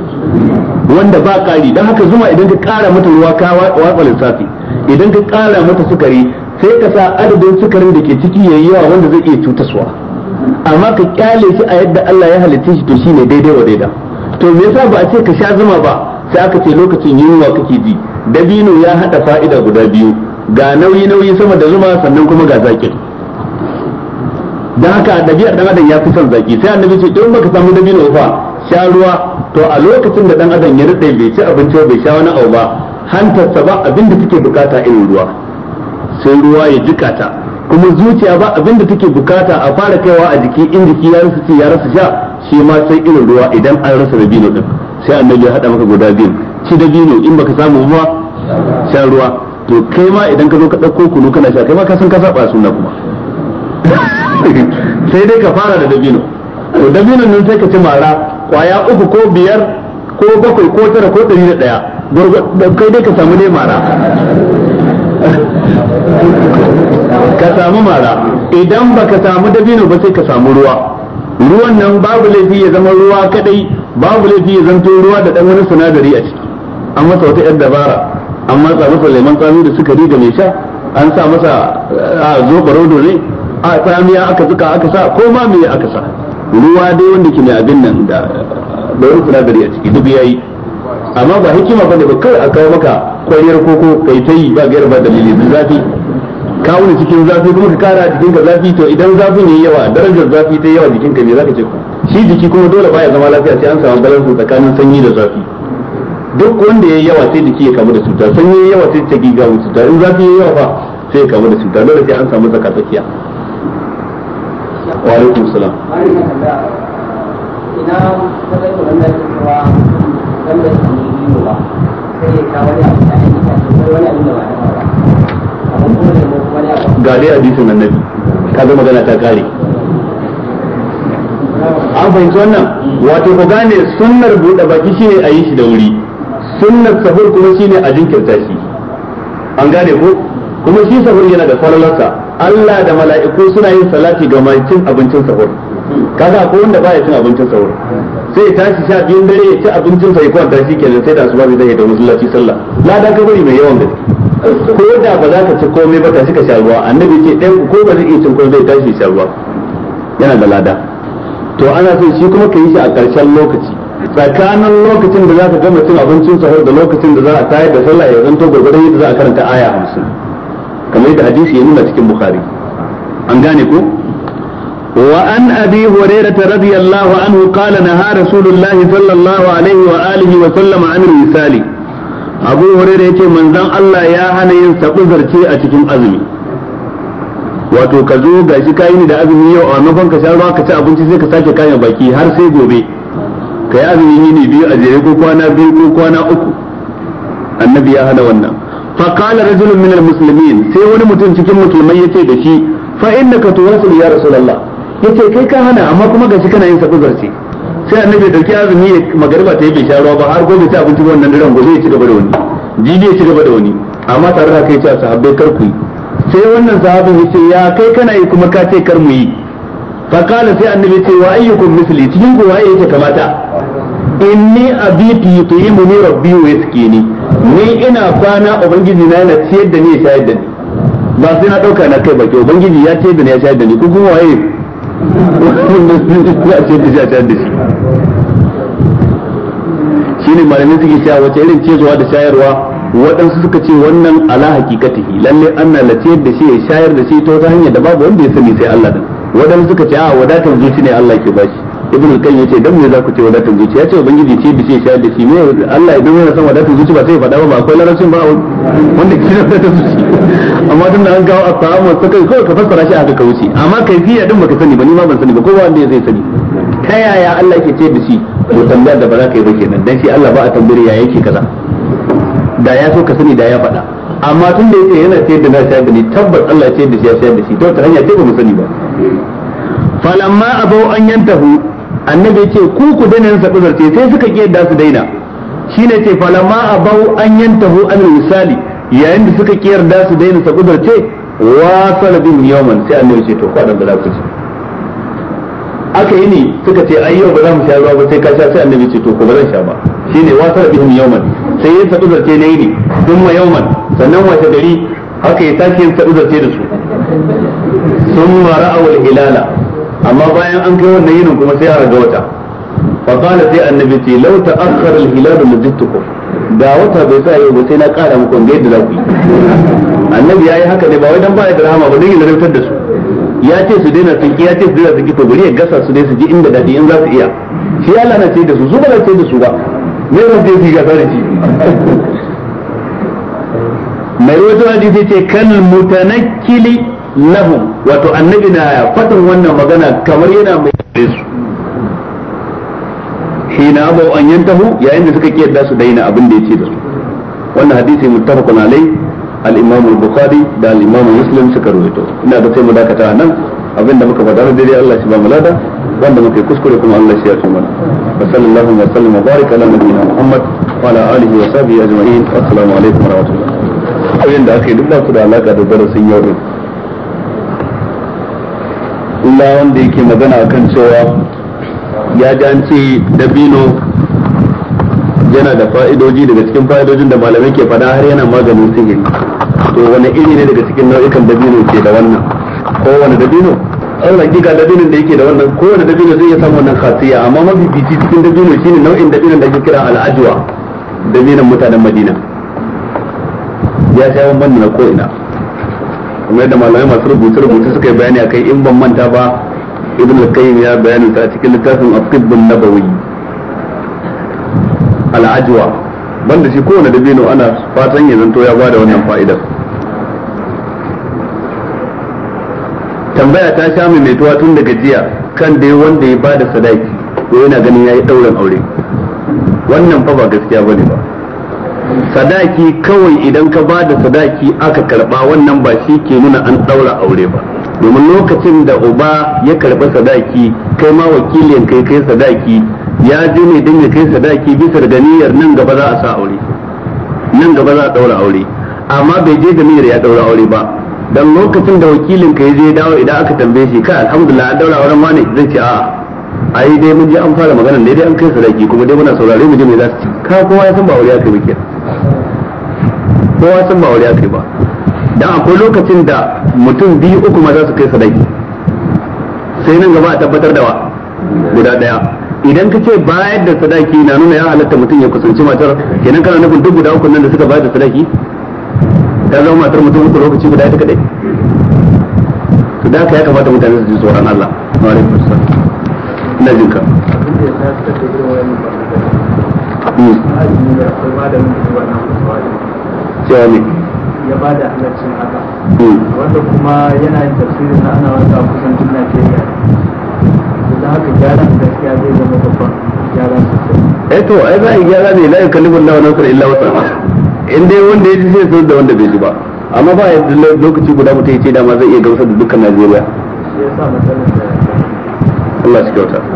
wanda ba kari don haka zuma idan ka kara mata ruwa ka watsa lissafi idan ka ƙara mata sukari sai ka sa adadin sukarin da ke ciki ya yi yawa wanda zai iya cutaswa amma ka kyale shi a yadda Allah ya halitta shi to shine daidai wa daidai to me yasa ba a ce ka sha zuma ba sai aka ce lokacin yunwa kake ji dabino ya hada fa'ida guda biyu ga nauyi nauyi sama da zuma sannan kuma ga zakin dan haka dabi'ar dan adam ya fi son zaki sai annabi ce don baka samu dabino ba? sha ruwa to a lokacin da dan adam ya rade bai ci abinci bai sha wani abu ba hantarsa ba abin da take bukata irin ruwa sai ruwa ya jika ta. kuma zuciya ba abin da take bukata a fara kaiwa a jiki in jiki ya rasa ci ya rasa sha shi ma sai irin ruwa idan an rasa dabino din sai annabi ya hada maka guda biyu ci dabino in baka samu ba sha ruwa to kai ma idan ka zo ka dauko kunu kana sha kai ma ka san ka saba sunna kuma [LAUGHS] sai dai ka fara da dabino to dabinon nan sai ka ci mara kwaya uku ko biyar ko bakwai ko tara ko ɗari da ɗaya kai dai ka samu dai mara [LAUGHS] ka samu mara idan ba ka samu dabino ba sai ka samu ruwa ruwan nan babu laifi ya zama ruwa kadai babu laifi ya zanto ruwa da dan wani sinadari a ciki an masa wata yar dabara an matsa masa lemon tsami da sukari da mai sha an sa masa a zo barodo ne a tsamiya aka zuka aka sa ko ma me aka sa ruwa dai wanda ke mai abin nan da da wani sinadari a ciki duk yayi amma ba hikima bane ba kai a kawo maka kwaliyar koko kai ta yi ba gaira ba dalili zafi kawuna cikin zafi kuma ka kara jikinka zafi to idan zafin ne yawa darajar zafi ta yawa jikinka me zaka ce ku shi jiki kuma dole baya zama lafiya sai an samu balance tsakanin sanyi da zafi duk wanda yayi yawa sai jiki ya kamu da cuta sanyi yayi yawa sai ta giga mu cuta in zafi yayi yawa fa sai ya kamu da cuta dole sai an samu zaka tsakiya wa alaikum salam ina kuma da cewa wanda ke ne ba sai ya kawo da abu da ake wani abu da ba ga dai hadisin annabi zama magana ta kare an fahimci wannan wato ku gane sunnar buɗe baki shine a yi shi da wuri sunnar sahur kuma shine a jinkirta shi an gane ko kuma shi sahur yana da falalarsa Allah da mala'iku suna yin salati ga cin abincin sahur kaga ko wanda baya cin abincin sahur sai tashi sha biyun dare ya ci abincin sa ya kwanta shi kenan sai da su ba zai da musallaci sallah lada kabari mai yawan gaske ko da ba za ka ci komai ba ka shi ka sha ruwa annabi ce ɗayan ko ba zai iya cin komai zai tashi sha ruwa yana da lada to ana so shi kuma ka yi shi a ƙarshen lokaci tsakanin lokacin da za ka gama cin abincin sahur da lokacin da za a tayar da sallah ya zanto gurgurdan yadda za a karanta aya hamsin kamar yadda hadisi ya nuna cikin bukhari an gane ko وعن أبي هريرة رضي الله عنه قال نهى رسول الله صلى الله عليه وآله وسلم عن الوسال abu ya ce manzon Allah ya hana yin sabu a cikin azumi wato ka zo gashi ka yi ni da azumi yau a nufan ka sha ruwa ka ci abinci sai ka sake kayan baki har sai gobe ka yi azumi ne biyu a jere ko kwana biyu ko kwana uku annabi ya hana wannan fa qala rajulun minal muslimin sai wani mutum cikin musulmai yace da shi fa innaka tuwasil ya rasulullah yace kai ka hana amma kuma gashi kana yin sabu zarce sai annabi dauki azumi ya magariba ta yi bai sha ruwa ba har gobe sai abinci wannan daren gobe ya ci gaba da wani jibi ya ci gaba da wani amma tare da kai ce a sahabbai kar ku yi sai wannan sahabin ya ce ya kai kana yi kuma ka ce kar mu yi fa kala sai annabi ce wa ayyukum misli cikin ku wa yake kamata inni abitu ni rabbi wa yaskini ni ina kwana ubangiji na yana ciyar da ni ya shayar da ni ba sai na dauka na kai baki ubangiji ya ciyar da ni ya shayar da ni ku kuma waye za a ce da shi a da shi suke cewa wace irin cewa da shayarwa waɗansu suka ce wannan ala hakikati lalle ana latiyar da shi ya shayar da shi ta wata hanyar da babu wanda ya sani sai Allah din waɗansu suka ce a wadatar zuci ne Allah ke bashi ibn al-qayyim yace dan me zaku ce wadatar zuci yace ubangiji ce bice shi da shi me Allah idan yana son wadatar zuci ba sai ya faɗa ba akwai larabcin ba wanda ke wadatar zuciya amma dan an gawo as-salamu suka ko ka fassara shi aka ka wuce amma kaifiya din baka sani ba ni ma ban sani ba kowa wanda zai sani ta yaya Allah yake ce bici to tambayar da ba za ka yi ba kenan dan shi Allah ba a tambayar ya yake kaza da ya so ka sani da ya faɗa amma tun da yake yana ce da na sha da tabbas Allah ya ce da shi ya sayar da shi to ta hanya ce ba mu sani ba falamma abau an yantahu annabi ya ce ku ku daina yin sabu zarce sai suka ƙi yadda su daina shi ne ce falama abau an yantahu an misali yayin da suka ki yarda su daina sabu zarce wa salabin yawman sai annabi ce to kwadan da za ku ci aka yi ne suka ce ai yau ba za mu sha ruwa ba sai ka sha sai annabi ce to ko ba zan sha ba shi ne wa salabin yawman sai yin sabu zarce ne ne dun ma yawman sannan wace gari haka ya sake yin sabu zarce da su sun mara awal hilala amma bayan an kai wannan yinin kuma sai a raga wata fa sai annabi ce law ta'akhkhara da hilal lajittukum da wata bai sa yau ba sai na kara muku da yadda za ku annabi yayi haka ne ba wai dan ba da rahama ba dan ya rautar da su ya ce su daina tsinki ya ce su daina tsinki to bari ya gasa su dai su ji inda dadi in za su iya shi Allah na ce da su su ba ce da su ba me zan je su gasa da shi mai wato hadisi ce kan mutanakkili lahum wato annabi na faɗin wannan magana kamar yana mai kare su na abu an yantahu yayin da suka kiyar su daina abin da ce da su wannan hadisi muttafaqun alai al-imam al-bukhari da al-imam muslim suka rawaito ina da sai mu dakata nan da muka faɗa daidai Allah shi ba mu lada wanda muka yi kuskure kuma Allah shi ya ce mana wa sallallahu wa sallam baraka ala muhammad wa ala alihi wa sahbihi ajma'in assalamu alaikum wa rahmatullah abin da aka yi duk da su da alaka da darasin yau din Allah wanda yake magana a kan cewa ya ji an ce dabino yana da fa'idoji daga cikin fa'idojin da malamai ke faɗa har yana maganin sihiri to wani iri ne daga cikin nau'ikan dabino ke da wannan ko wani dabino an ga dabinin da yake da wannan ko wani dabino zai iya samun wannan khasiyya amma mafifici cikin dabino shine nau'in dabinon da ake kira da dabinon mutanen madina ya sha wannan ko ina kuma yadda malamai masu rubutu rubutu suka yi bayani akai in ban manta ba ibn al-qayyim ya bayani ta cikin littafin at-tibbun nabawi al-ajwa banda shi kowane dabino ana fatan ya zanto ya bada wannan fa'idar tambaya ta sha mai tuwa tun daga jiya kan dai wanda ya bada sadaki ko yana ganin ya yi ɗaurin aure wannan fa ba gaskiya ba ne ba sadaki kawai idan ka ba da sadaki aka karba wannan ba shi ke nuna an daura aure ba domin lokacin da uba ya karba sadaki kai ma wakilin kai kai sadaki ya je ne din ya kai sadaki bisa da ganiyar nan gaba za a sa aure nan gaba za a daura aure amma bai je ganiyar ya daura aure ba dan lokacin da wakilin ka ya je dawo idan aka tambaye shi kai alhamdulillah an daura auren ne zai ce a'a ai dai mun je an fara magana ne dai an kai sadaki kuma dai muna saurare mu je mai za su ci ka kowa ya san ba aure aka yi ba kowa ya san ba aure aka yi ba dan akwai lokacin da mutum biyu uku ma za su kai sadaki sai nan gaba a tabbatar da wa guda daya idan ka ce bayar da sadaki na nuna ya halatta mutum ya kusanci matar kenan kana nufin duk guda uku nan da suka bayar da sadaki ta zama matar mutum uku lokaci guda ita kadai to da ka ya kamata mutane su ji tsoron Allah wa alaikum na jinka cewa ya ba da halaccin haka wanda kuma yana yin na ana wata kusan Najeriya da haka gyaran gaskiya zai zama babban gyara sosai hmm. eh ai za a yi gyara ne illa in dai wanda ya ji zai sai da wanda bai ji ba amma ba ya lokaci guda mutum ya ce dama zai iya gamsar da dukkan Najeriya Allah shi kyauta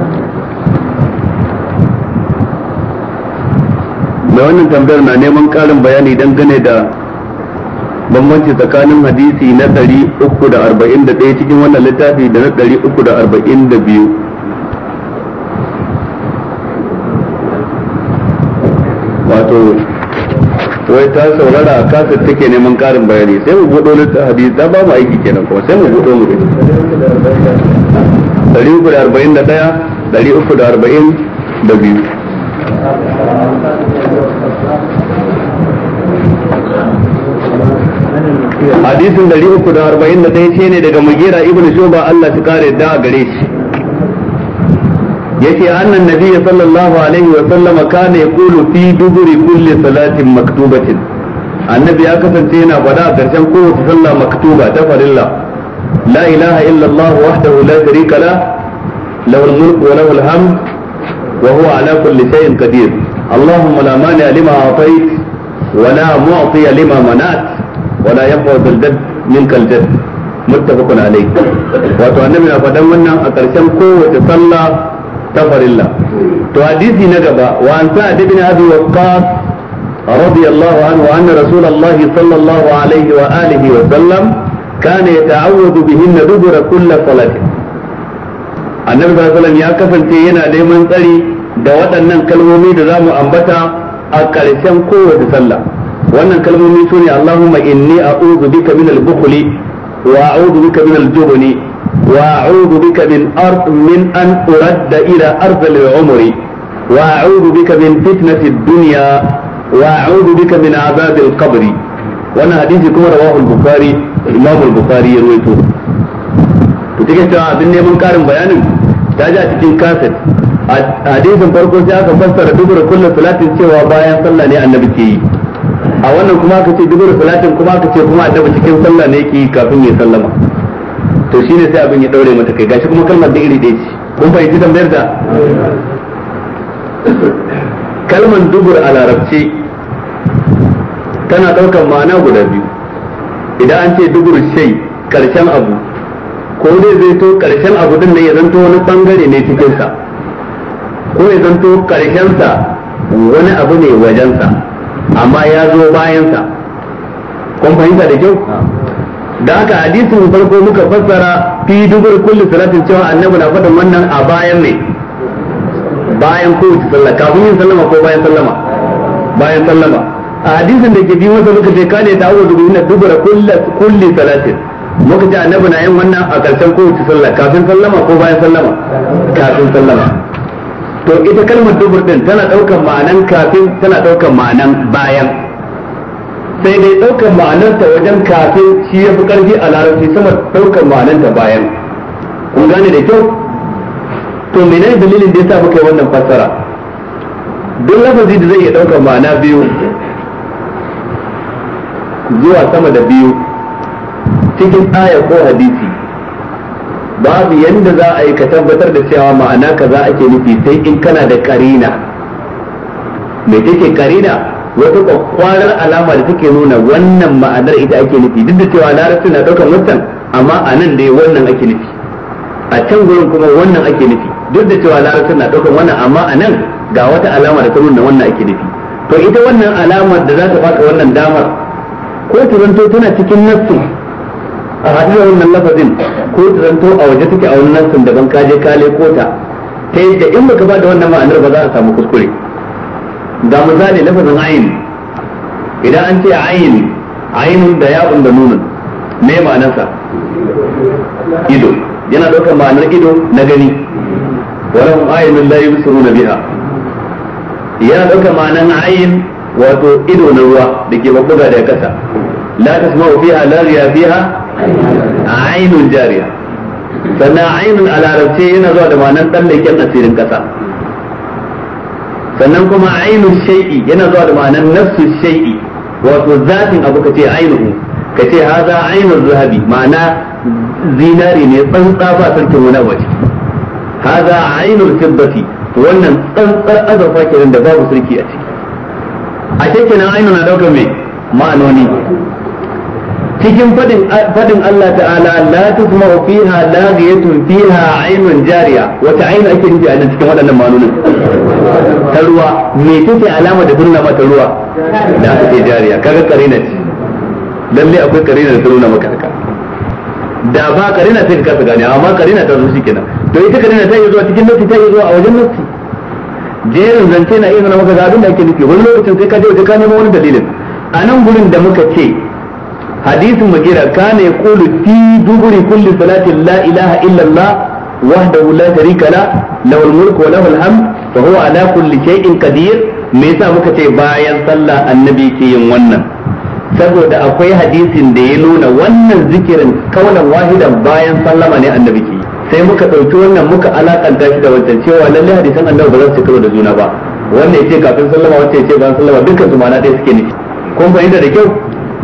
da wannan tambayar na neman karin bayani dangane da bambanci tsakanin hadisi na 341 cikin wannan littafi da na 342 wato wai ta saurara a kasar take neman karin bayani sai mu buɗo littafin hadisi ta ba mu aiki kenan kuma sai mu buɗo mu gudu 341 342 hadisin 341 ce ne daga mugira ibn shuba Allah su kare da gare shi yace annan nabiy sallallahu alaihi wa sallama kana yaqulu fi duburi kulli salatin maktubatin annabi ya kasance yana faɗa a ƙarshen kowace sallah maktuba ta farilla la ilaha illa Allah wahdahu la sharika la lahu al-mulku wa lahu al-hamd wa huwa ala kulli shay'in qadir اللهم لا مانع لما أعطيت ولا معطي لما منعت wala yanfa zal jad min kal jad muttafaqun alayh wato annabi na faɗan wannan a ƙarshen kowace sallah ta farilla to hadisi na gaba wa an sa'ad ibn abi waqqas radiyallahu anhu anna rasulullahi sallallahu alaihi wa alihi wa sallam kana yata'awwadu annabi sallallahu ya kasance yana neman tsari da waɗannan kalmomi da zamu ambata a ƙarshen kowace sallah wannan kalmomi su ne Allahumma inni a'udhu bika min al-bukhli wa a'udhu bika min al-jubni wa a'udhu bika min ard min an uradda ila ardh al-umri wa a'udhu bika min fitnati ad-dunya wa a'udhu bika min 'adab al-qabr wannan hadisi kuma rawahu al-bukhari imam al-bukhari ya rawaito to take cewa abin neman karin bayanin ta ji a cikin kaset hadisin farko sai aka fassara dubura kullu salatin cewa bayan sallah ne annabi ke yi a wannan kuma aka ce dubur salatin kuma aka ce kuma a cikin sallah ne yake kafin ya sallama to shine sai abin ya daure mata kai gashi kuma kalmar da iri ce kun fahimci tambayar da kalmar dubur a larabci tana ɗaukar ma'ana guda biyu idan an ce dubur shai karshen abu ko dai zai to karshen abu din ne ya zanto wani bangare ne cikinsa ko ya zanto karshensa wani abu ne wajensa amma ya zo bayansa kun fahimta da kyau da haka hadisin farko muka fassara fi dubur kulli salatin cewa annabi na faɗin wannan a bayan ne bayan kowace sallah kafin yin sallama ko bayan sallama bayan sallama a hadisin da ke bi masa muka ce kane ta awo dubu na dubur kulli salatin muka ce annabi na yin wannan a ƙarshen kowace sallah kafin sallama ko bayan sallama kafin sallama to ita kalmar dubur din tana daukan ma'anan kafin tana daukan ma'anan bayan sai dai daukan ma'anarta wajen kafin shi ya fi karfi a larabci sama daukan ma'anarta bayan kun gane da kyau to menene dalilin da sa muka yi wannan fassara duk lafazi da zai iya daukan ma'ana biyu zuwa sama da biyu cikin aya ko hadisi babu yanda za a yi ka tabbatar da cewa ma'ana ka a ake nufi sai in kana da karina me take karina wata kwakwarar alama da take nuna wannan ma'anar ita ake nufi duk da cewa larabci na ɗaukar wancan amma a nan dai wannan ake nufi a can gurin kuma wannan ake nufi duk da cewa larabci na ɗaukar wannan amma a nan ga wata alama da ta nuna wannan ake nufi to ita wannan alamar da za ta baka wannan damar ko turanto tana cikin nassin a haɗu wannan lafazin ko zanto a waje take a wannan sun daban kaje kale kota ta yi yadda in baka ba da wannan ma'anar ba za a samu kuskure ga misali lafazin ayin idan an ce ayin ayinun da ya'un da nunan, me ma'anarsa ido yana daukar ma'anar ido na gani walau ayinun la nuna biha yana daukar ma'anar ayin wato ido na ruwa da ke babbuga daga ƙasa la tasma'u fiha la riya fiha ainun jariya sannan ainun a larabce yana zuwa da ma'anar tsallaken asirin kasa sannan kuma ainun shai'i yana zuwa da ma'anar nafsu shai'i wato zatin abu ka ce ainihu ka ce haza ainun zahabi ma'ana zinari ne tsantsa ba sarkin wani waje haza ainun fiddati wannan tsantsar azurfa kenan da babu sarki a ciki a kenan ainun na daukar mai ma'anoni cikin fadin Allah ta'ala la tusma fiha laghiyatun fiha 'aynun jariya wata ayin ake nufi a nan cikin waɗannan manonin ta ruwa me take alama da sunna mata ruwa da aka ce jariya kaga karina ce lalle akwai karina da sunna maka haka da ba karina sai ka gane amma karina ta zo kenan to ita karina ta yi zuwa cikin nufi ta yi zuwa a wajen nufi jerin zance na iya nuna maka ga abin da ake nufi wani lokacin sai ka je ka nemo wani dalilin a nan gurin da muka ce hadisin mugira kana yaqulu fi duburi kulli salati la ilaha illa Allah wahdahu la sharika la lahu al-mulku ala kulli shay'in qadir me yasa muka ce bayan sallah annabi wannan saboda akwai hadisin da ya nuna wannan zikirin kaunan wahidan bayan sallama ne annabi ke sai muka ɗauki wannan muka alaƙanta shi da wancan cewa lallai hadisan annabi ba za su karo da juna ba wannan ya ce kafin sallama wacce ya ce bayan sallama dukkan su na ɗaya suke nufi kun fahimta da kyau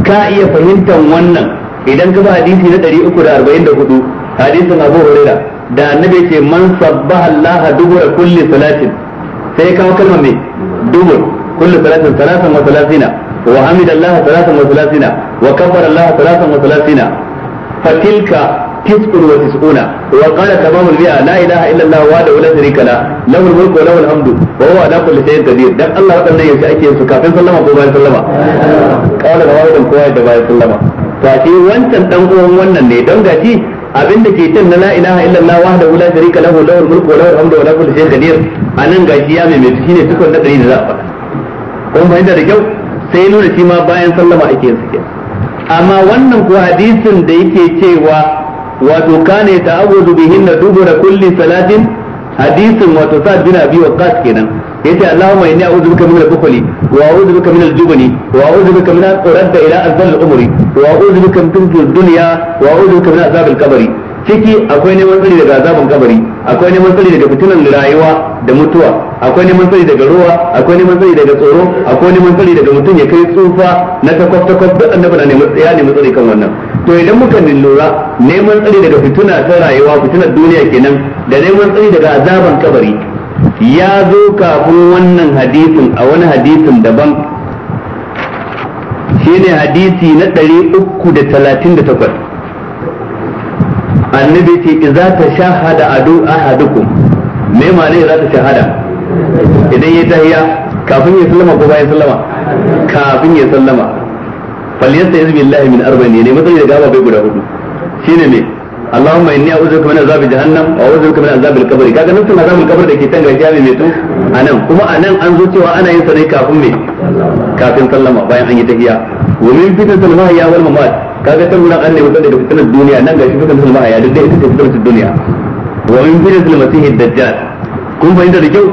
ka iya fahimtar wannan idan ka ba hadisi na 344 hadisin Abu Huraira da annabi ce man sabbaha Allah dubura kulli salatin sai kawo kalma mai dubur kulli salatin salatin wa salatina wa hamida salatin wa salatina wa kabbara Allah salatin wa salatina fatilka تسعة وتسؤون وقال تمام البيع لا إله إلا الله وحده ولا شريك له له الملك وله الحمد وهو على كل شيء قدير دان الله وقال لي يسألك يسألك كافين سلمة كوبا سلمة قال رواه كوبا دبا سلمة فأتي وانت تنقوم وانا نيدون قاتي abin abinda ke can na la ilaha illallah wahdahu la sharika lahu lahul mulku wa lahul hamdu wa lahu kulli shay'in qadir anan gashi ya mai mai shine tukun na dari da za a faɗa da kyau sai nuna shi ma bayan sallama ake yin amma wannan ko hadisin da yake cewa wato kana ya ta'awudu bihinna dubura kulli salatin hadisin wato sa'ad bin abi waqqas kenan yace allahumma inni a'udhu bika min al-bukhli wa a'udhu bika min al-jubni wa a'udhu bika min al-radda ila azal al-umri wa a'udhu bika min dunya wa a'udhu bika min azab al-qabri ciki akwai neman tsari daga azabin kabari akwai neman tsari daga fitinan rayuwa da mutuwa akwai neman tsari daga ruwa akwai neman tsari daga tsoro akwai neman tsari daga mutum ya kai tsufa na takwas takwas duk annabi na nemi tsari kan wannan to idan muka lura neman tsari daga fituna ta rayuwa fitunar duniya kenan da neman tsari daga azaban kabari ya zo kafin wannan hadisin a wani hadisin daban shine hadisi na ɗari uku da talatin da takwas annabi ce za ta shahada a ahadukum me ma'ana za ta shahada idan ya tahiya kafin ya sallama ko bayan sallama kafin ya sallama falyasta yazbi billahi min arba'in ne matsayi da gaba bai guda hudu shine me Allahumma inni a'udhuka min azabi jahannam wa a'udhuka min azabi al-qabr kaga nan sun azabi al-qabr da ke tanga gashi mai meto anan kuma anan an zo cewa ana yin sa ne kafin me kafin sallama bayan an yi tahiyya wa min fitnatil mahya wal mamat kaga tan an annabi wanda daga fitnatul duniya nan gashi fitnatul mahya duk da ita ce fitnatul duniya wa min fitnatil masihid dajjal kun fahimta da kyau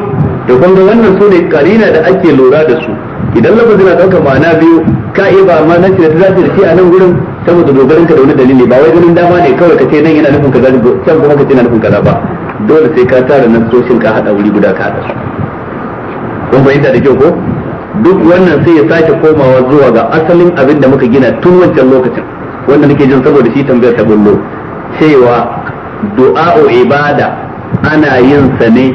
to kun ga wannan sune karina da ake lura da su idan lafazin na ɗaukar ma'ana biyu ka iya ba ma nan da ta zafi da shi a nan gurin saboda dogarin ka da wani dalili ba wai ganin dama ne kawai ka ce nan yana nufin kaza can kuma ka ce yana nufin kaza ba dole sai ka tara nan soshin ka haɗa wuri guda ka haɗa kun fahimta da kyau ko duk wannan sai ya sake komawa zuwa ga asalin abin da muka gina tun wancan lokacin wanda nake jin saboda shi tambayar ta bullo cewa du'a'u ibada ana yin sa ne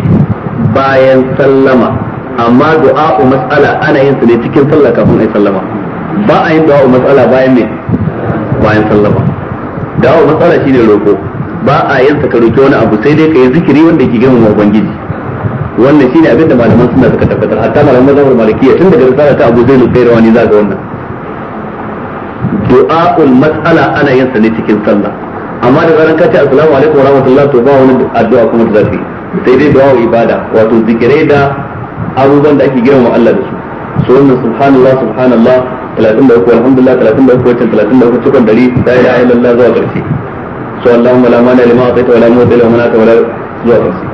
bayan sallama amma du'a'u mas'ala ana yin su ne cikin sallah kafin ai sallama ba a yin du'a'u mas'ala bayan me bayan sallama du'a'u mas'ala shine roko ba a yin sa ka roki wani abu sai dai ka yi zikiri wanda ke wa ubangiji wannan shine abin da malaman suna suka tabbatar hatta malaman mazhabar malikiyya tun daga risala ta Abu Zainul Qayrawani za ga wannan du'a'ul mas'ala ana yin sa ne cikin sallah amma da zaran ka ce assalamu alaikum wa rahmatullahi to ba wani addu'a kuma da zafi sai dai du'a ibada wato zikirai da abubuwan da ake girma Allah da su su wannan subhanallah subhanallah 33 alhamdulillah 33 wacin 33 cikon dari ya yi lalla zuwa karshe su Allahumma na mana lima tawala wala mu'ta lima manata wala zuwa karshe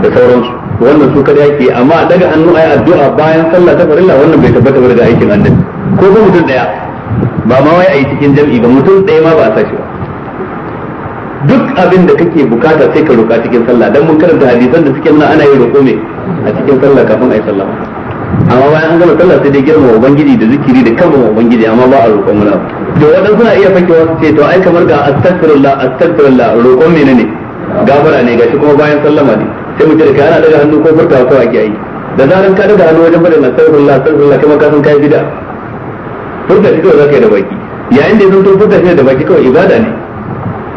da sauransu wannan su kada yake amma daga hannu a yi addu'a bayan sallah ta farilla wannan bai tabbata ba daga aikin annabi ko ba mutum daya ba ma wai ayi cikin jam'i ba mutum daya ma ba a sashi ba duk abin da kake bukata sai ka roƙa cikin sallah dan mun karanta hadisan da suke nuna ana yin roƙo mai a cikin sallah kafin a yi sallah amma bayan an gama sallah sai dai girma ubangiji da zikiri da kama ubangiji amma ba a roƙon wani ba. to wadansu na iya fakewa su ce to ai kamar ga astaghfirullah astaghfirullah roƙon mene ne? gafara ne gashi kuma bayan sallama ne sai mu ka ana daga hannu ko furta ko ake yi da zaran ka daga hannu wajen bada astaghfirullah astaghfirullah kuma ka san kai bid'a furta shi kawai zaka yi da baki yayin da ya zanto furta shi da baki kawai ibada ne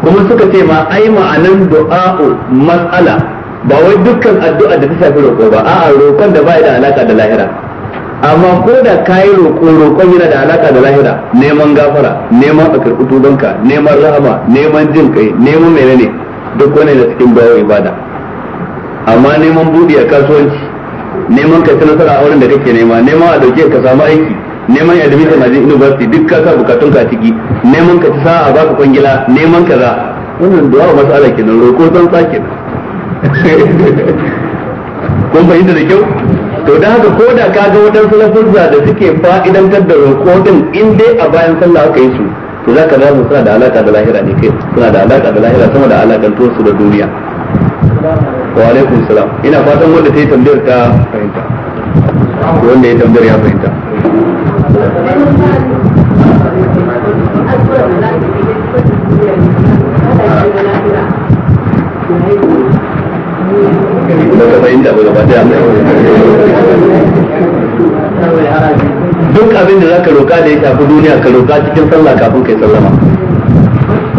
kuma suka ce ma ai ma'anan du'a'u mas'ala ba wai dukkan addu'a da ta shafi roƙo ba a'a roƙon da bai da alaka da lahira amma ko da kayi roƙo roƙon yana da alaka da lahira neman gafara neman a karɓi tubanka neman rahama neman jin kai neman menene duk wani da cikin bawo ibada amma neman buɗi a kasuwanci neman ka ci nasara a wurin da kake nema neman a dauke ka samu aiki neman admission jin university duk ka sa bukatun ka ciki neman ka ci sa'a baka kwangila neman kaza wannan masu masala kenan roƙo kun fahimta da kyau to da haka ko da ka ga waɗansu lafuzza da suke fa'idantar da roƙo din in dai a bayan sallah aka yi su to za ka za su suna da alaƙa da lahira ne kai suna da alaƙa da lahira sama da alaƙar su da duniya wa alaikum salam ina fatan wanda ta yi tambayar ta fahimta wanda ya tambayar ya fahimta Thank you. ba fahimta ba gaba daya duk abin da za ka roƙa da ya shafi duniya ka roƙa cikin sallah kafin kai sallama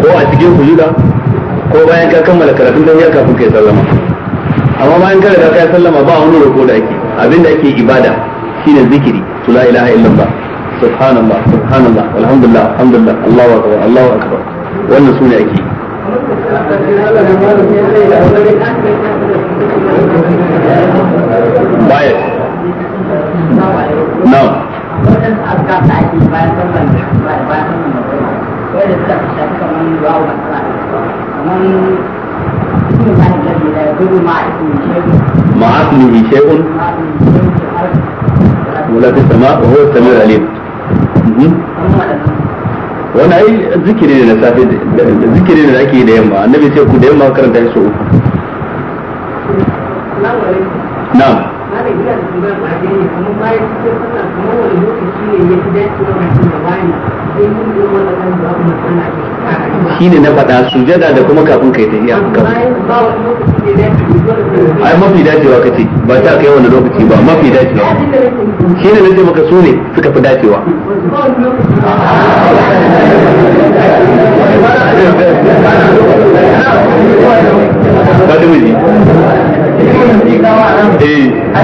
ko a cikin sujuda ko bayan ka kammala karatun duniya kafin kai sallama amma bayan ka riga kai sallama ba wani roƙo da ake abin da ake ibada shine zikiri to la ilaha illallah subhanallah subhanallah walhamdulillah alhamdulillah allahu akbar allahu akbar wannan sune ake baya na مع عقله شيء ولا في السماء وهو السميع العليم wani ai zikiri na safe da ake da yamma annabi sai ku da yamma karanta na'am ne na faɗa sujada da kuma kafin kai tafiya ai mafi dacewa kace ba ta kai wani lokaci ba mafi dacewa ne nace maka su ne suka fi dacewa ba da miji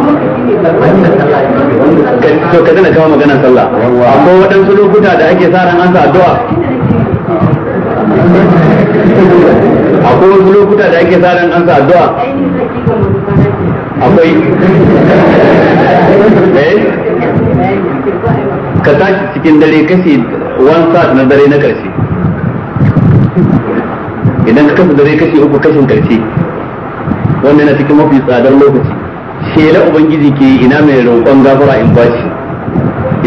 to ka dana kama maganar sallah akwai waɗansu lokuta da ake sa ran an sa addu'a akwai wasu lokuta da ake sa ran an sa addu'a akwai eh? ka tashi cikin dare kashi one sat na dare na ƙarshe idan ka kasa dare kashi uku kashin ƙarshe wannan na cikin mafi tsadar lokaci shela ubangiji ke ina mai roƙon gafara in shi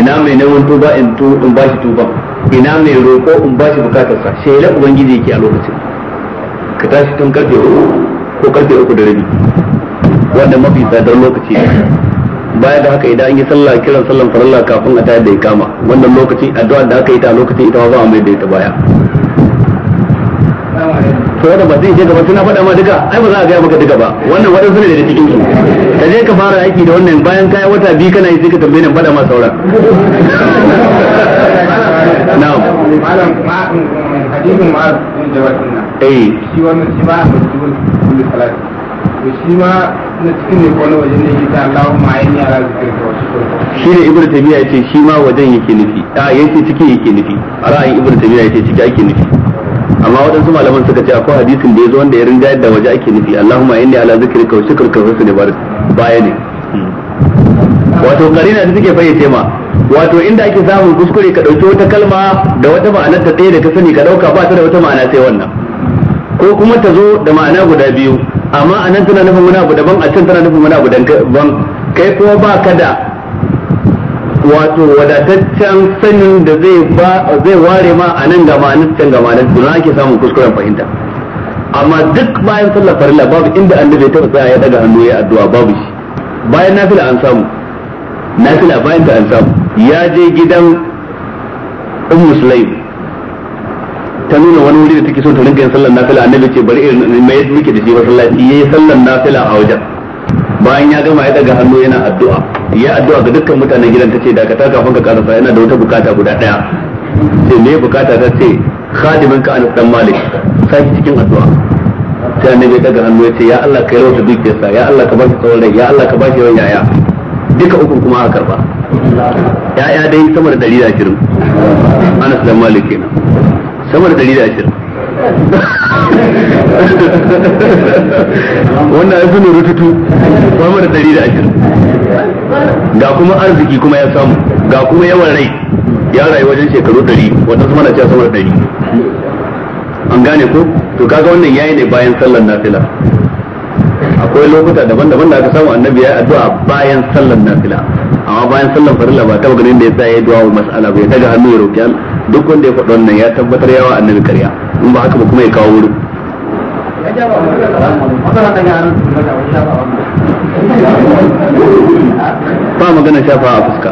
ina mai neman tuba in tu in shi tuba ina mai roƙo in bukatar sa shela ubangiji ke a lokacin ka tashi tun karfe uku ko karfe uku da rabi wanda mafi tsadar lokaci baya da haka idan an yi sallah kiran sallan farilla kafin a tayi da ikama wannan lokacin addu'a da aka yi ta lokacin ita ba za a mai da ita baya to wanda ba zai je gaba tuna faɗa ma duka ai ba za a gaya maka duka ba wannan waɗansu ne da cikin su ka je ka fara aiki da wannan bayan kaya wata biyu kana yi sai ka tambaye ni faɗa ma saura na'am malam hadisin ma'az da wannan eh shi wannan shi ba mutum salati shi ma na cikin ne wani wajen ne yi yake Allahumma ayni ala zikrika wa shukrika shi ne ibnu taymiya yace shi ma wajen yake nufi a yace ciki yake nufi ra'ayin ibnu taymiya yace ciki yake nufi amma waɗansu malaman suka ce akwai hadisin da ya zo wanda ya ringa yadda waje ake nufi Allahumma inni ala zikrika wa shukrika wa husni ne baya ne wato karina da suke fayyace ma wato inda ake samun kuskure ka dauki wata kalma da wata ma'ana ta ɗaya da ka sani ka dauka ba ta da wata ma'ana sai wannan ko kuma ta zo da ma'ana guda biyu amma anan tana nufin wani abu daban a can tana nufin wani abu daban kai kuma ba ka da wato wadataccen sanin da zai ware ma a nan gama nan can gama nan don ake samun kuskuren fahimta amma duk bayan sallar farilla babu inda annabi ta tsaya ya daga hannu ya addu'a babu shi bayan nafila an samu nafila bayan ta an samu ya je gidan ummu sulaim ta nuna wani wuri da take so ta rinka yin sallar nafila annabi ce bari irin mai yadda muke da shi masallaci yayi sallar nafila a wajen bayan ya gama ya daga hannu yana addu'a ya addu'a ga dukkan mutanen gidan tace ka taka fanka karasa yana da wata bukata guda daya sai me bukata ta ce khadimin ka anas dan malik sai cikin addu'a sai annabi daga hannu ya ce ya Allah ka yalwata dukiyarsa ya Allah ka bashi tsawon rai ya Allah ka bashi yawan yaya duka uku kuma aka karba ya'ya dai sama da 120 anas dan malik kenan sama da 120 wannan ya suna rututu sama da dari da ashirin ga kuma arziki kuma ya samu ga kuma yawan rai ya rayu wajen shekaru ɗari wata zama na cewa sama da ɗari an gane ko to kaga wannan yayi ne bayan sallar nafila akwai lokuta daban-daban da aka samu annabi ya addu'a bayan sallar nafila amma bayan sallar farilla ba taba ga da ya tsaya du'a mas'ala bai ya ga hannu ya roki duk wanda ya faɗi wannan ya tabbatar yawa annabi karya in ba haka ba kuma ya kawo wuri ba magana shafa a fuska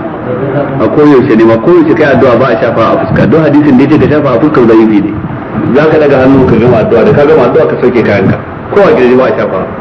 a koyaushe ne ma koyaushe kai addu'a ba a shafa a fuska don hadisin da ya ce ka shafa a fuska yi bi ne za ka daga hannu ka gama addu'a da ka gama addu'a ka sauke kayanka kowa gidaje ba a shafa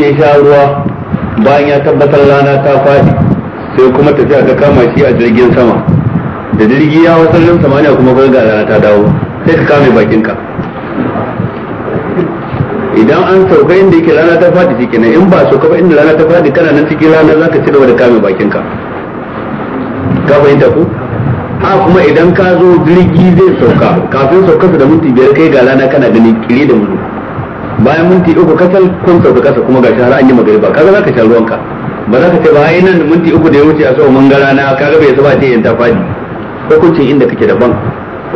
ya sha ruwa bayan ya tabbatar rana ta faɗi sai kuma tafiya ka kama shi a jirgin sama da jirgi ya wasu rin samaniya kuma ga rana ta dawo sai ka kame bakinka idan an sauka inda yake rana ta faɗi shi kenan in ba su kafa inda rana ta faɗi kana nan cikin rana zaka ci gaba da kame bakinka ka fahimta ku a kuma idan ka zo jirgi zai sauka kafin saukarsa da minti biyar kai ga rana kana gani kiri da mutu bayan minti uku kasal kun sauka kasa kuma gashi har an yi magariba kaga zaka sha ruwanka ba za ka ce ba ai nan minti uku da ya wuce a sau mangara na kaga bai saba ce yin tafadi hukuncin inda kake daban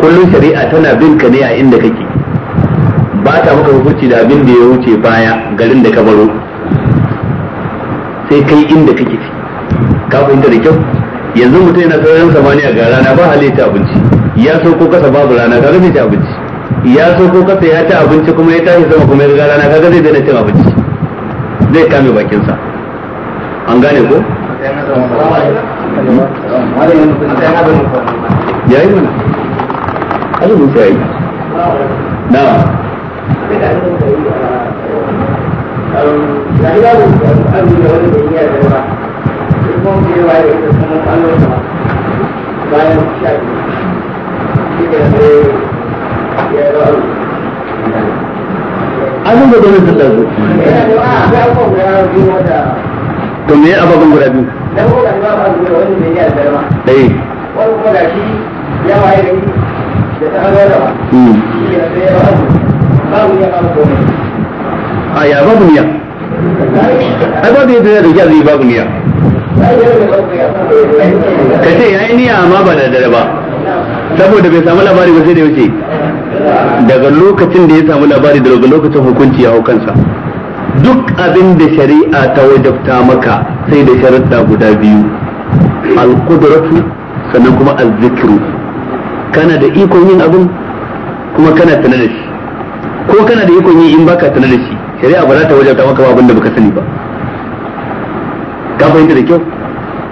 kullum shari'a tana bin ka ne a inda kake ba ta maka hukunci da abin da ya wuce baya garin da ka baro sai kai inda kake ci ka fahimta da kyau yanzu mutum yana sauran samaniya ga rana ba halitta abinci ya sauko kasa babu rana ka ta abinci ya so ko kasa ya ci abinci kuma ya tashi sama kuma ya ga rana kaga zai daina cin abinci zai kame bakinsa an gane ko ya yi mana yi na bayan an da to me guda biyu ɗaya wani kuma da shi ya waye da da ta da ba ya babu ya babu a ya babu niya ai babu yadda da ya zai babu niya ka ce ya yi niya amma ba da dare ba saboda bai samu labari ba sai da wuce daga lokacin da ya samu labari daga lokacin hukunci ya hau kansa duk abin da shari'a ta wajabta maka sai da sharaɗa guda biyu alkudratu sannan kuma azzikiru kana da ikon yin abin kuma kana tana da shi ko kana da ikon yi in baka tana da shi shari'a ba za ta wajabta maka ba abin da baka sani ba ka fahimta da kyau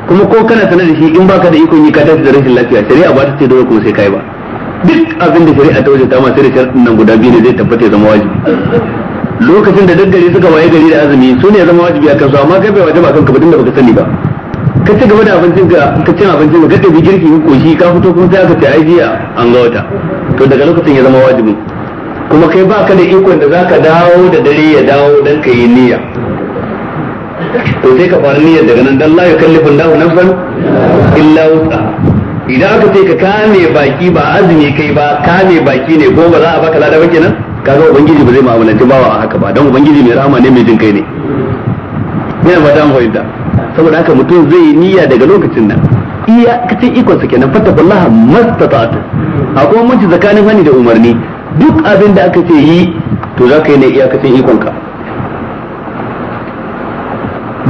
kuma ko kana tana da shi in baka da ikon yi ka tafi da rashin lafiya shari'a ba ta ce dole kuma sai kai ba duk abin da shari'a ta waje ta masu da nan guda biyu ne zai tabbata ya zama wajibi lokacin da daggare suka waye gari da azumi su ne ya zama wajibi a kansu amma kai bai wajaba kan ba tunda baka sani ba ka ci gaba da abincin ka ka ci abincin ka bi girki ko koshi ka fito kuma sai aka ce ai jiya an ga wata to daga lokacin ya zama wajibi kuma kai ba ka da ikon da zaka dawo da dare ya dawo dan ka yi niyya to sai ka fara niyyar daga nan dan la yukallifu Allahu nafsan illa wusa idan aka ce ka kame baki ba azumi kai ba kame baki ne ko ba za a baka lada ba kenan kaga ubangiji ba zai mu'amalanci bawa a haka ba don ubangiji mai rahama ne mai jin kai ne yana ba dan da saboda haka mutum zai yi niyya daga lokacin nan iya kace ikon sa kenan fattakullaha mastata'tu akwai mutunci zakanin hani da umarni duk abin da aka ce yi to za ka yi ne iyakacin ka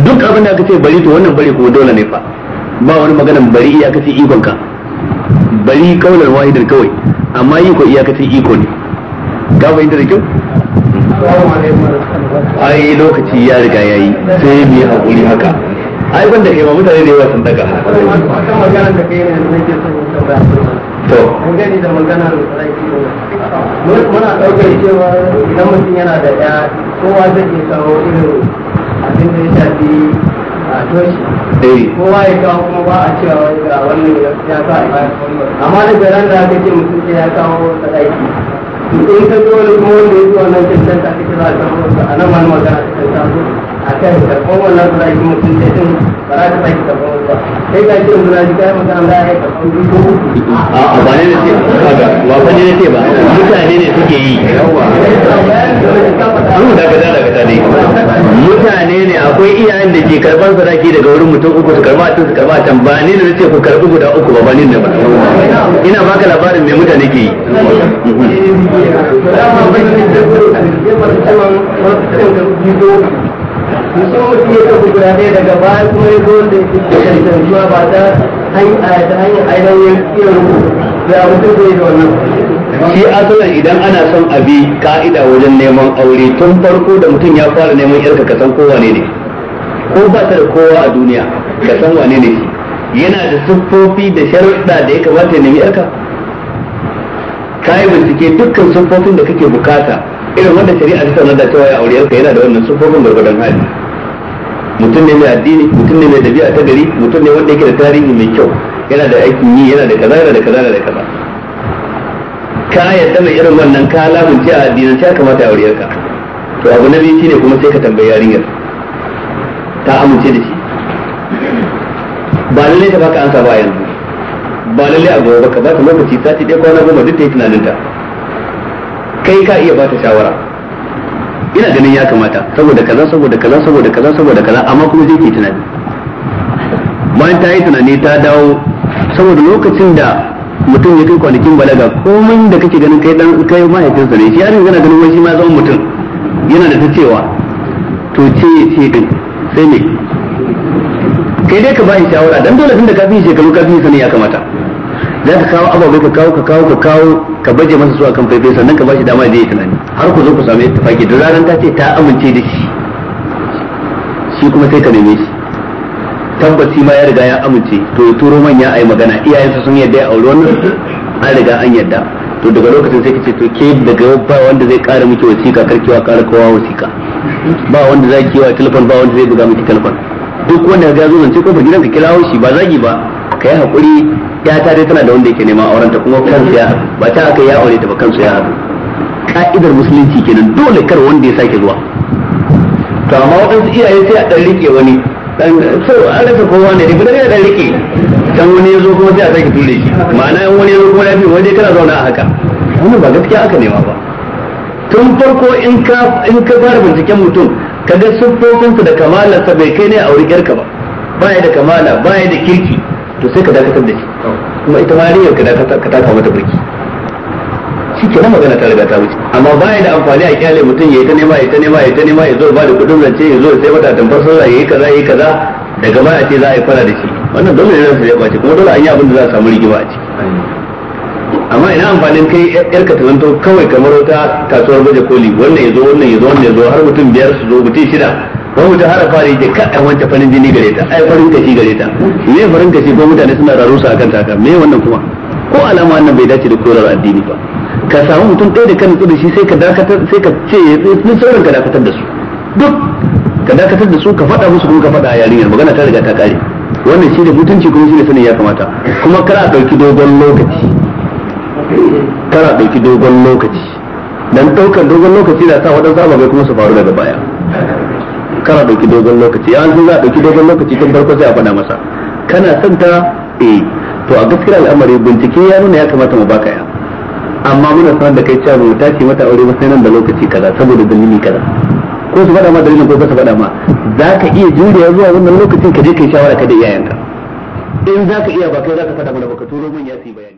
duk abin da aka ce bari to wannan bari kuma dole ne fa ba wani maganan bari iyakacin ikon ka bari kaunar wahidar kawai amma yi iko iyakacin iko ne ka fahimta da kyau ai lokaci ya riga ya yi sai mu yi haƙuri haka ai ban da kai ma mutane da yawa sun daga to gani da maganar muna ɗaukar cewa idan mutum yana da ya kowa zai iya kawo irin abin da ya shafi Eh. kowa ya kawo kuma ba a cewa ga wannan ya sa a amma da garan da aka ce mutum ya kawo ta aiki in ka zo wani kuma wanda ya zo wannan cancan ake za a samu a nan wani magana ta da kowannan kurashi mutum da din ba za ka sake karɓar ba sai ka ce muna ji kayan mutum da ya karɓar dubu uku a a ba ne ce ba ba ne ce ba mutane ne suke yi yawa da gada da ta ne. mutane ne akwai iyayen da ke karɓar sadaki daga wurin mutum uku su karɓa su karɓa can ba ne da ce ku karɓi guda uku ba ba ne ba ina baka labarin me mutane ke yi Thank you. mutum mutum ya tafi guda ɗaya daga baya kuma ya zo da ya fi zuwa ba ta hanyar ainihin iya rubu da mutum zai da wannan shi asalin idan ana son abi ka'ida wajen neman aure tun farko da mutum ya fara neman yarka ka san kowa ne ne. ko ba ta da kowa a duniya ka san wane ne yana da siffofi da sharuɗa da ya kamata ya nemi yarka ka yi bincike dukkan siffofin da kake bukata irin wanda shari'a ta sanar da cewa ya aure yarka yana da wannan sufofin gwargwadon hali mutum ne mai addini mutum ne mai dabi'a ta gari mutum ne wanda yake da tarihi mai kyau yana da aikin yi yana da kaza yana da kaza yana da kaza ka yadda mai irin wannan ka lamunce a addinin sai kamata ya aure yanka, to abu na biyu shine kuma sai ka tambayi yarinyar ta amince da shi ba lalle ta baka ansa ba yanzu ba lalle a gobe ka ba ta lokaci sati ɗaya kwana goma duk ta yi tunaninta kai ka iya bata shawara ina ganin ya kamata saboda kaza saboda kaza saboda kaza saboda kaza amma kuma zai ke tunani bayan ta yi tunani ta dawo saboda lokacin da mutum ya kai kwanakin balaga komai da kake ganin kai dan kai mahaifinsa ne shi har yanzu yana ganin wani shi ma zama mutum yana da ta cewa to ce ce din sai ne kai dai ka ba shi shawara dan dole tun da ka fi shekaru ka fi sani ya kamata za ka kawo ababe ka kawo ka kawo ka kawo ka baje masa su akan faifai sannan ka bashi dama da zai tunani har ku zo ku samu ittifaki da ranar ta ce ta amince da shi shi kuma sai ka neme shi tabbaci ma ya riga ya amince to ya turo manya a yi magana iyayensa sun yadda ya auri wannan an riga an yadda to daga lokacin sai ka ce to ke daga ba wanda zai kara miki wasiƙa karkewa kara kowa wasiƙa ba wanda zai kiwa telefon ba wanda zai buga miki telefon duk wanda ya zo zance ko ba ka kirawo shi ba zagi ba ka yi haƙuri ya ta dai tana da wanda yake nema auren ta kuma kansu ya ba ta aka ya aure ta ba kansu ya haɗu ka'idar musulunci kenan dole kar wanda ya sake zuwa to amma waɗansu iyaye sai a ɗan rike wani dan so an rasa kowa ne da gudanar da rike dan wani ya zo kuma sai a sake tule shi ma'ana yan wani ya zo kuma lafiya wani kana zauna a haka wannan ba gaskiya aka nema ba tun farko in ka in ka fara binciken mutum ka ga siffofinsa da kamalarsa bai kai ne a aure ka ba ya da kamala ya da kirki to sai ka dakatar da shi kuma ita ma niyyar ka dakatar ka taka mata burki shi ke magana ta riga ta wuce amma baya da amfani a kyale mutum ya yi ta nema ya ta nema ya ta nema ya zo ba da kudin rance ya zo ya sai mata tamfar sallah ya yi kaza ya yi kaza daga a ce za a yi fara da shi wannan dole ne ransa ya bace kuma dole an yi abin da za a samu rigima a ciki amma ina amfanin kai yar ka kawai kamar wata kasuwar baje koli wannan ya zo wannan ya zo wannan ya zo har mutum biyar su zo mutum shida wa mu jahara fari da kada wanta farin jini gare ta ai farin kashi gare ta me farin kashi ko mutane suna raro su akan taka me wannan kuma ko alama wannan bai dace da korar addini ba ka samu mutum ɗaya da kan kudu shi sai ka dakatar sai ka ce ni sauran ka dakatar da su duk ka dakatar da su ka faɗa musu kuma ka faɗa a yarinyar magana ta riga ta kare wannan shi da mutunci kuma shi da sanin ya kamata kuma kar a ɗauki dogon lokaci kar a ɗauki dogon lokaci dan ɗaukar dogon lokaci na sa waɗansu ababai kuma su faru daga baya kana dauki dogon lokaci ya san za a dauki dogon lokaci tun farko sai a faɗa masa kana son ta eh to a gaskiyar al'amari bincike ya nuna ya kamata mu baka ya amma muna sanar da kai cewa mu tashi mata aure ba sai nan da lokaci kaza saboda dalili kaza ko su faɗa ma dalilin ko ba su faɗa ma za ka iya juriya zuwa wannan lokacin ka je kai shawara ka da iyayenka in za ka iya ba kai za ka faɗa mana ba ka turo min ya su bayani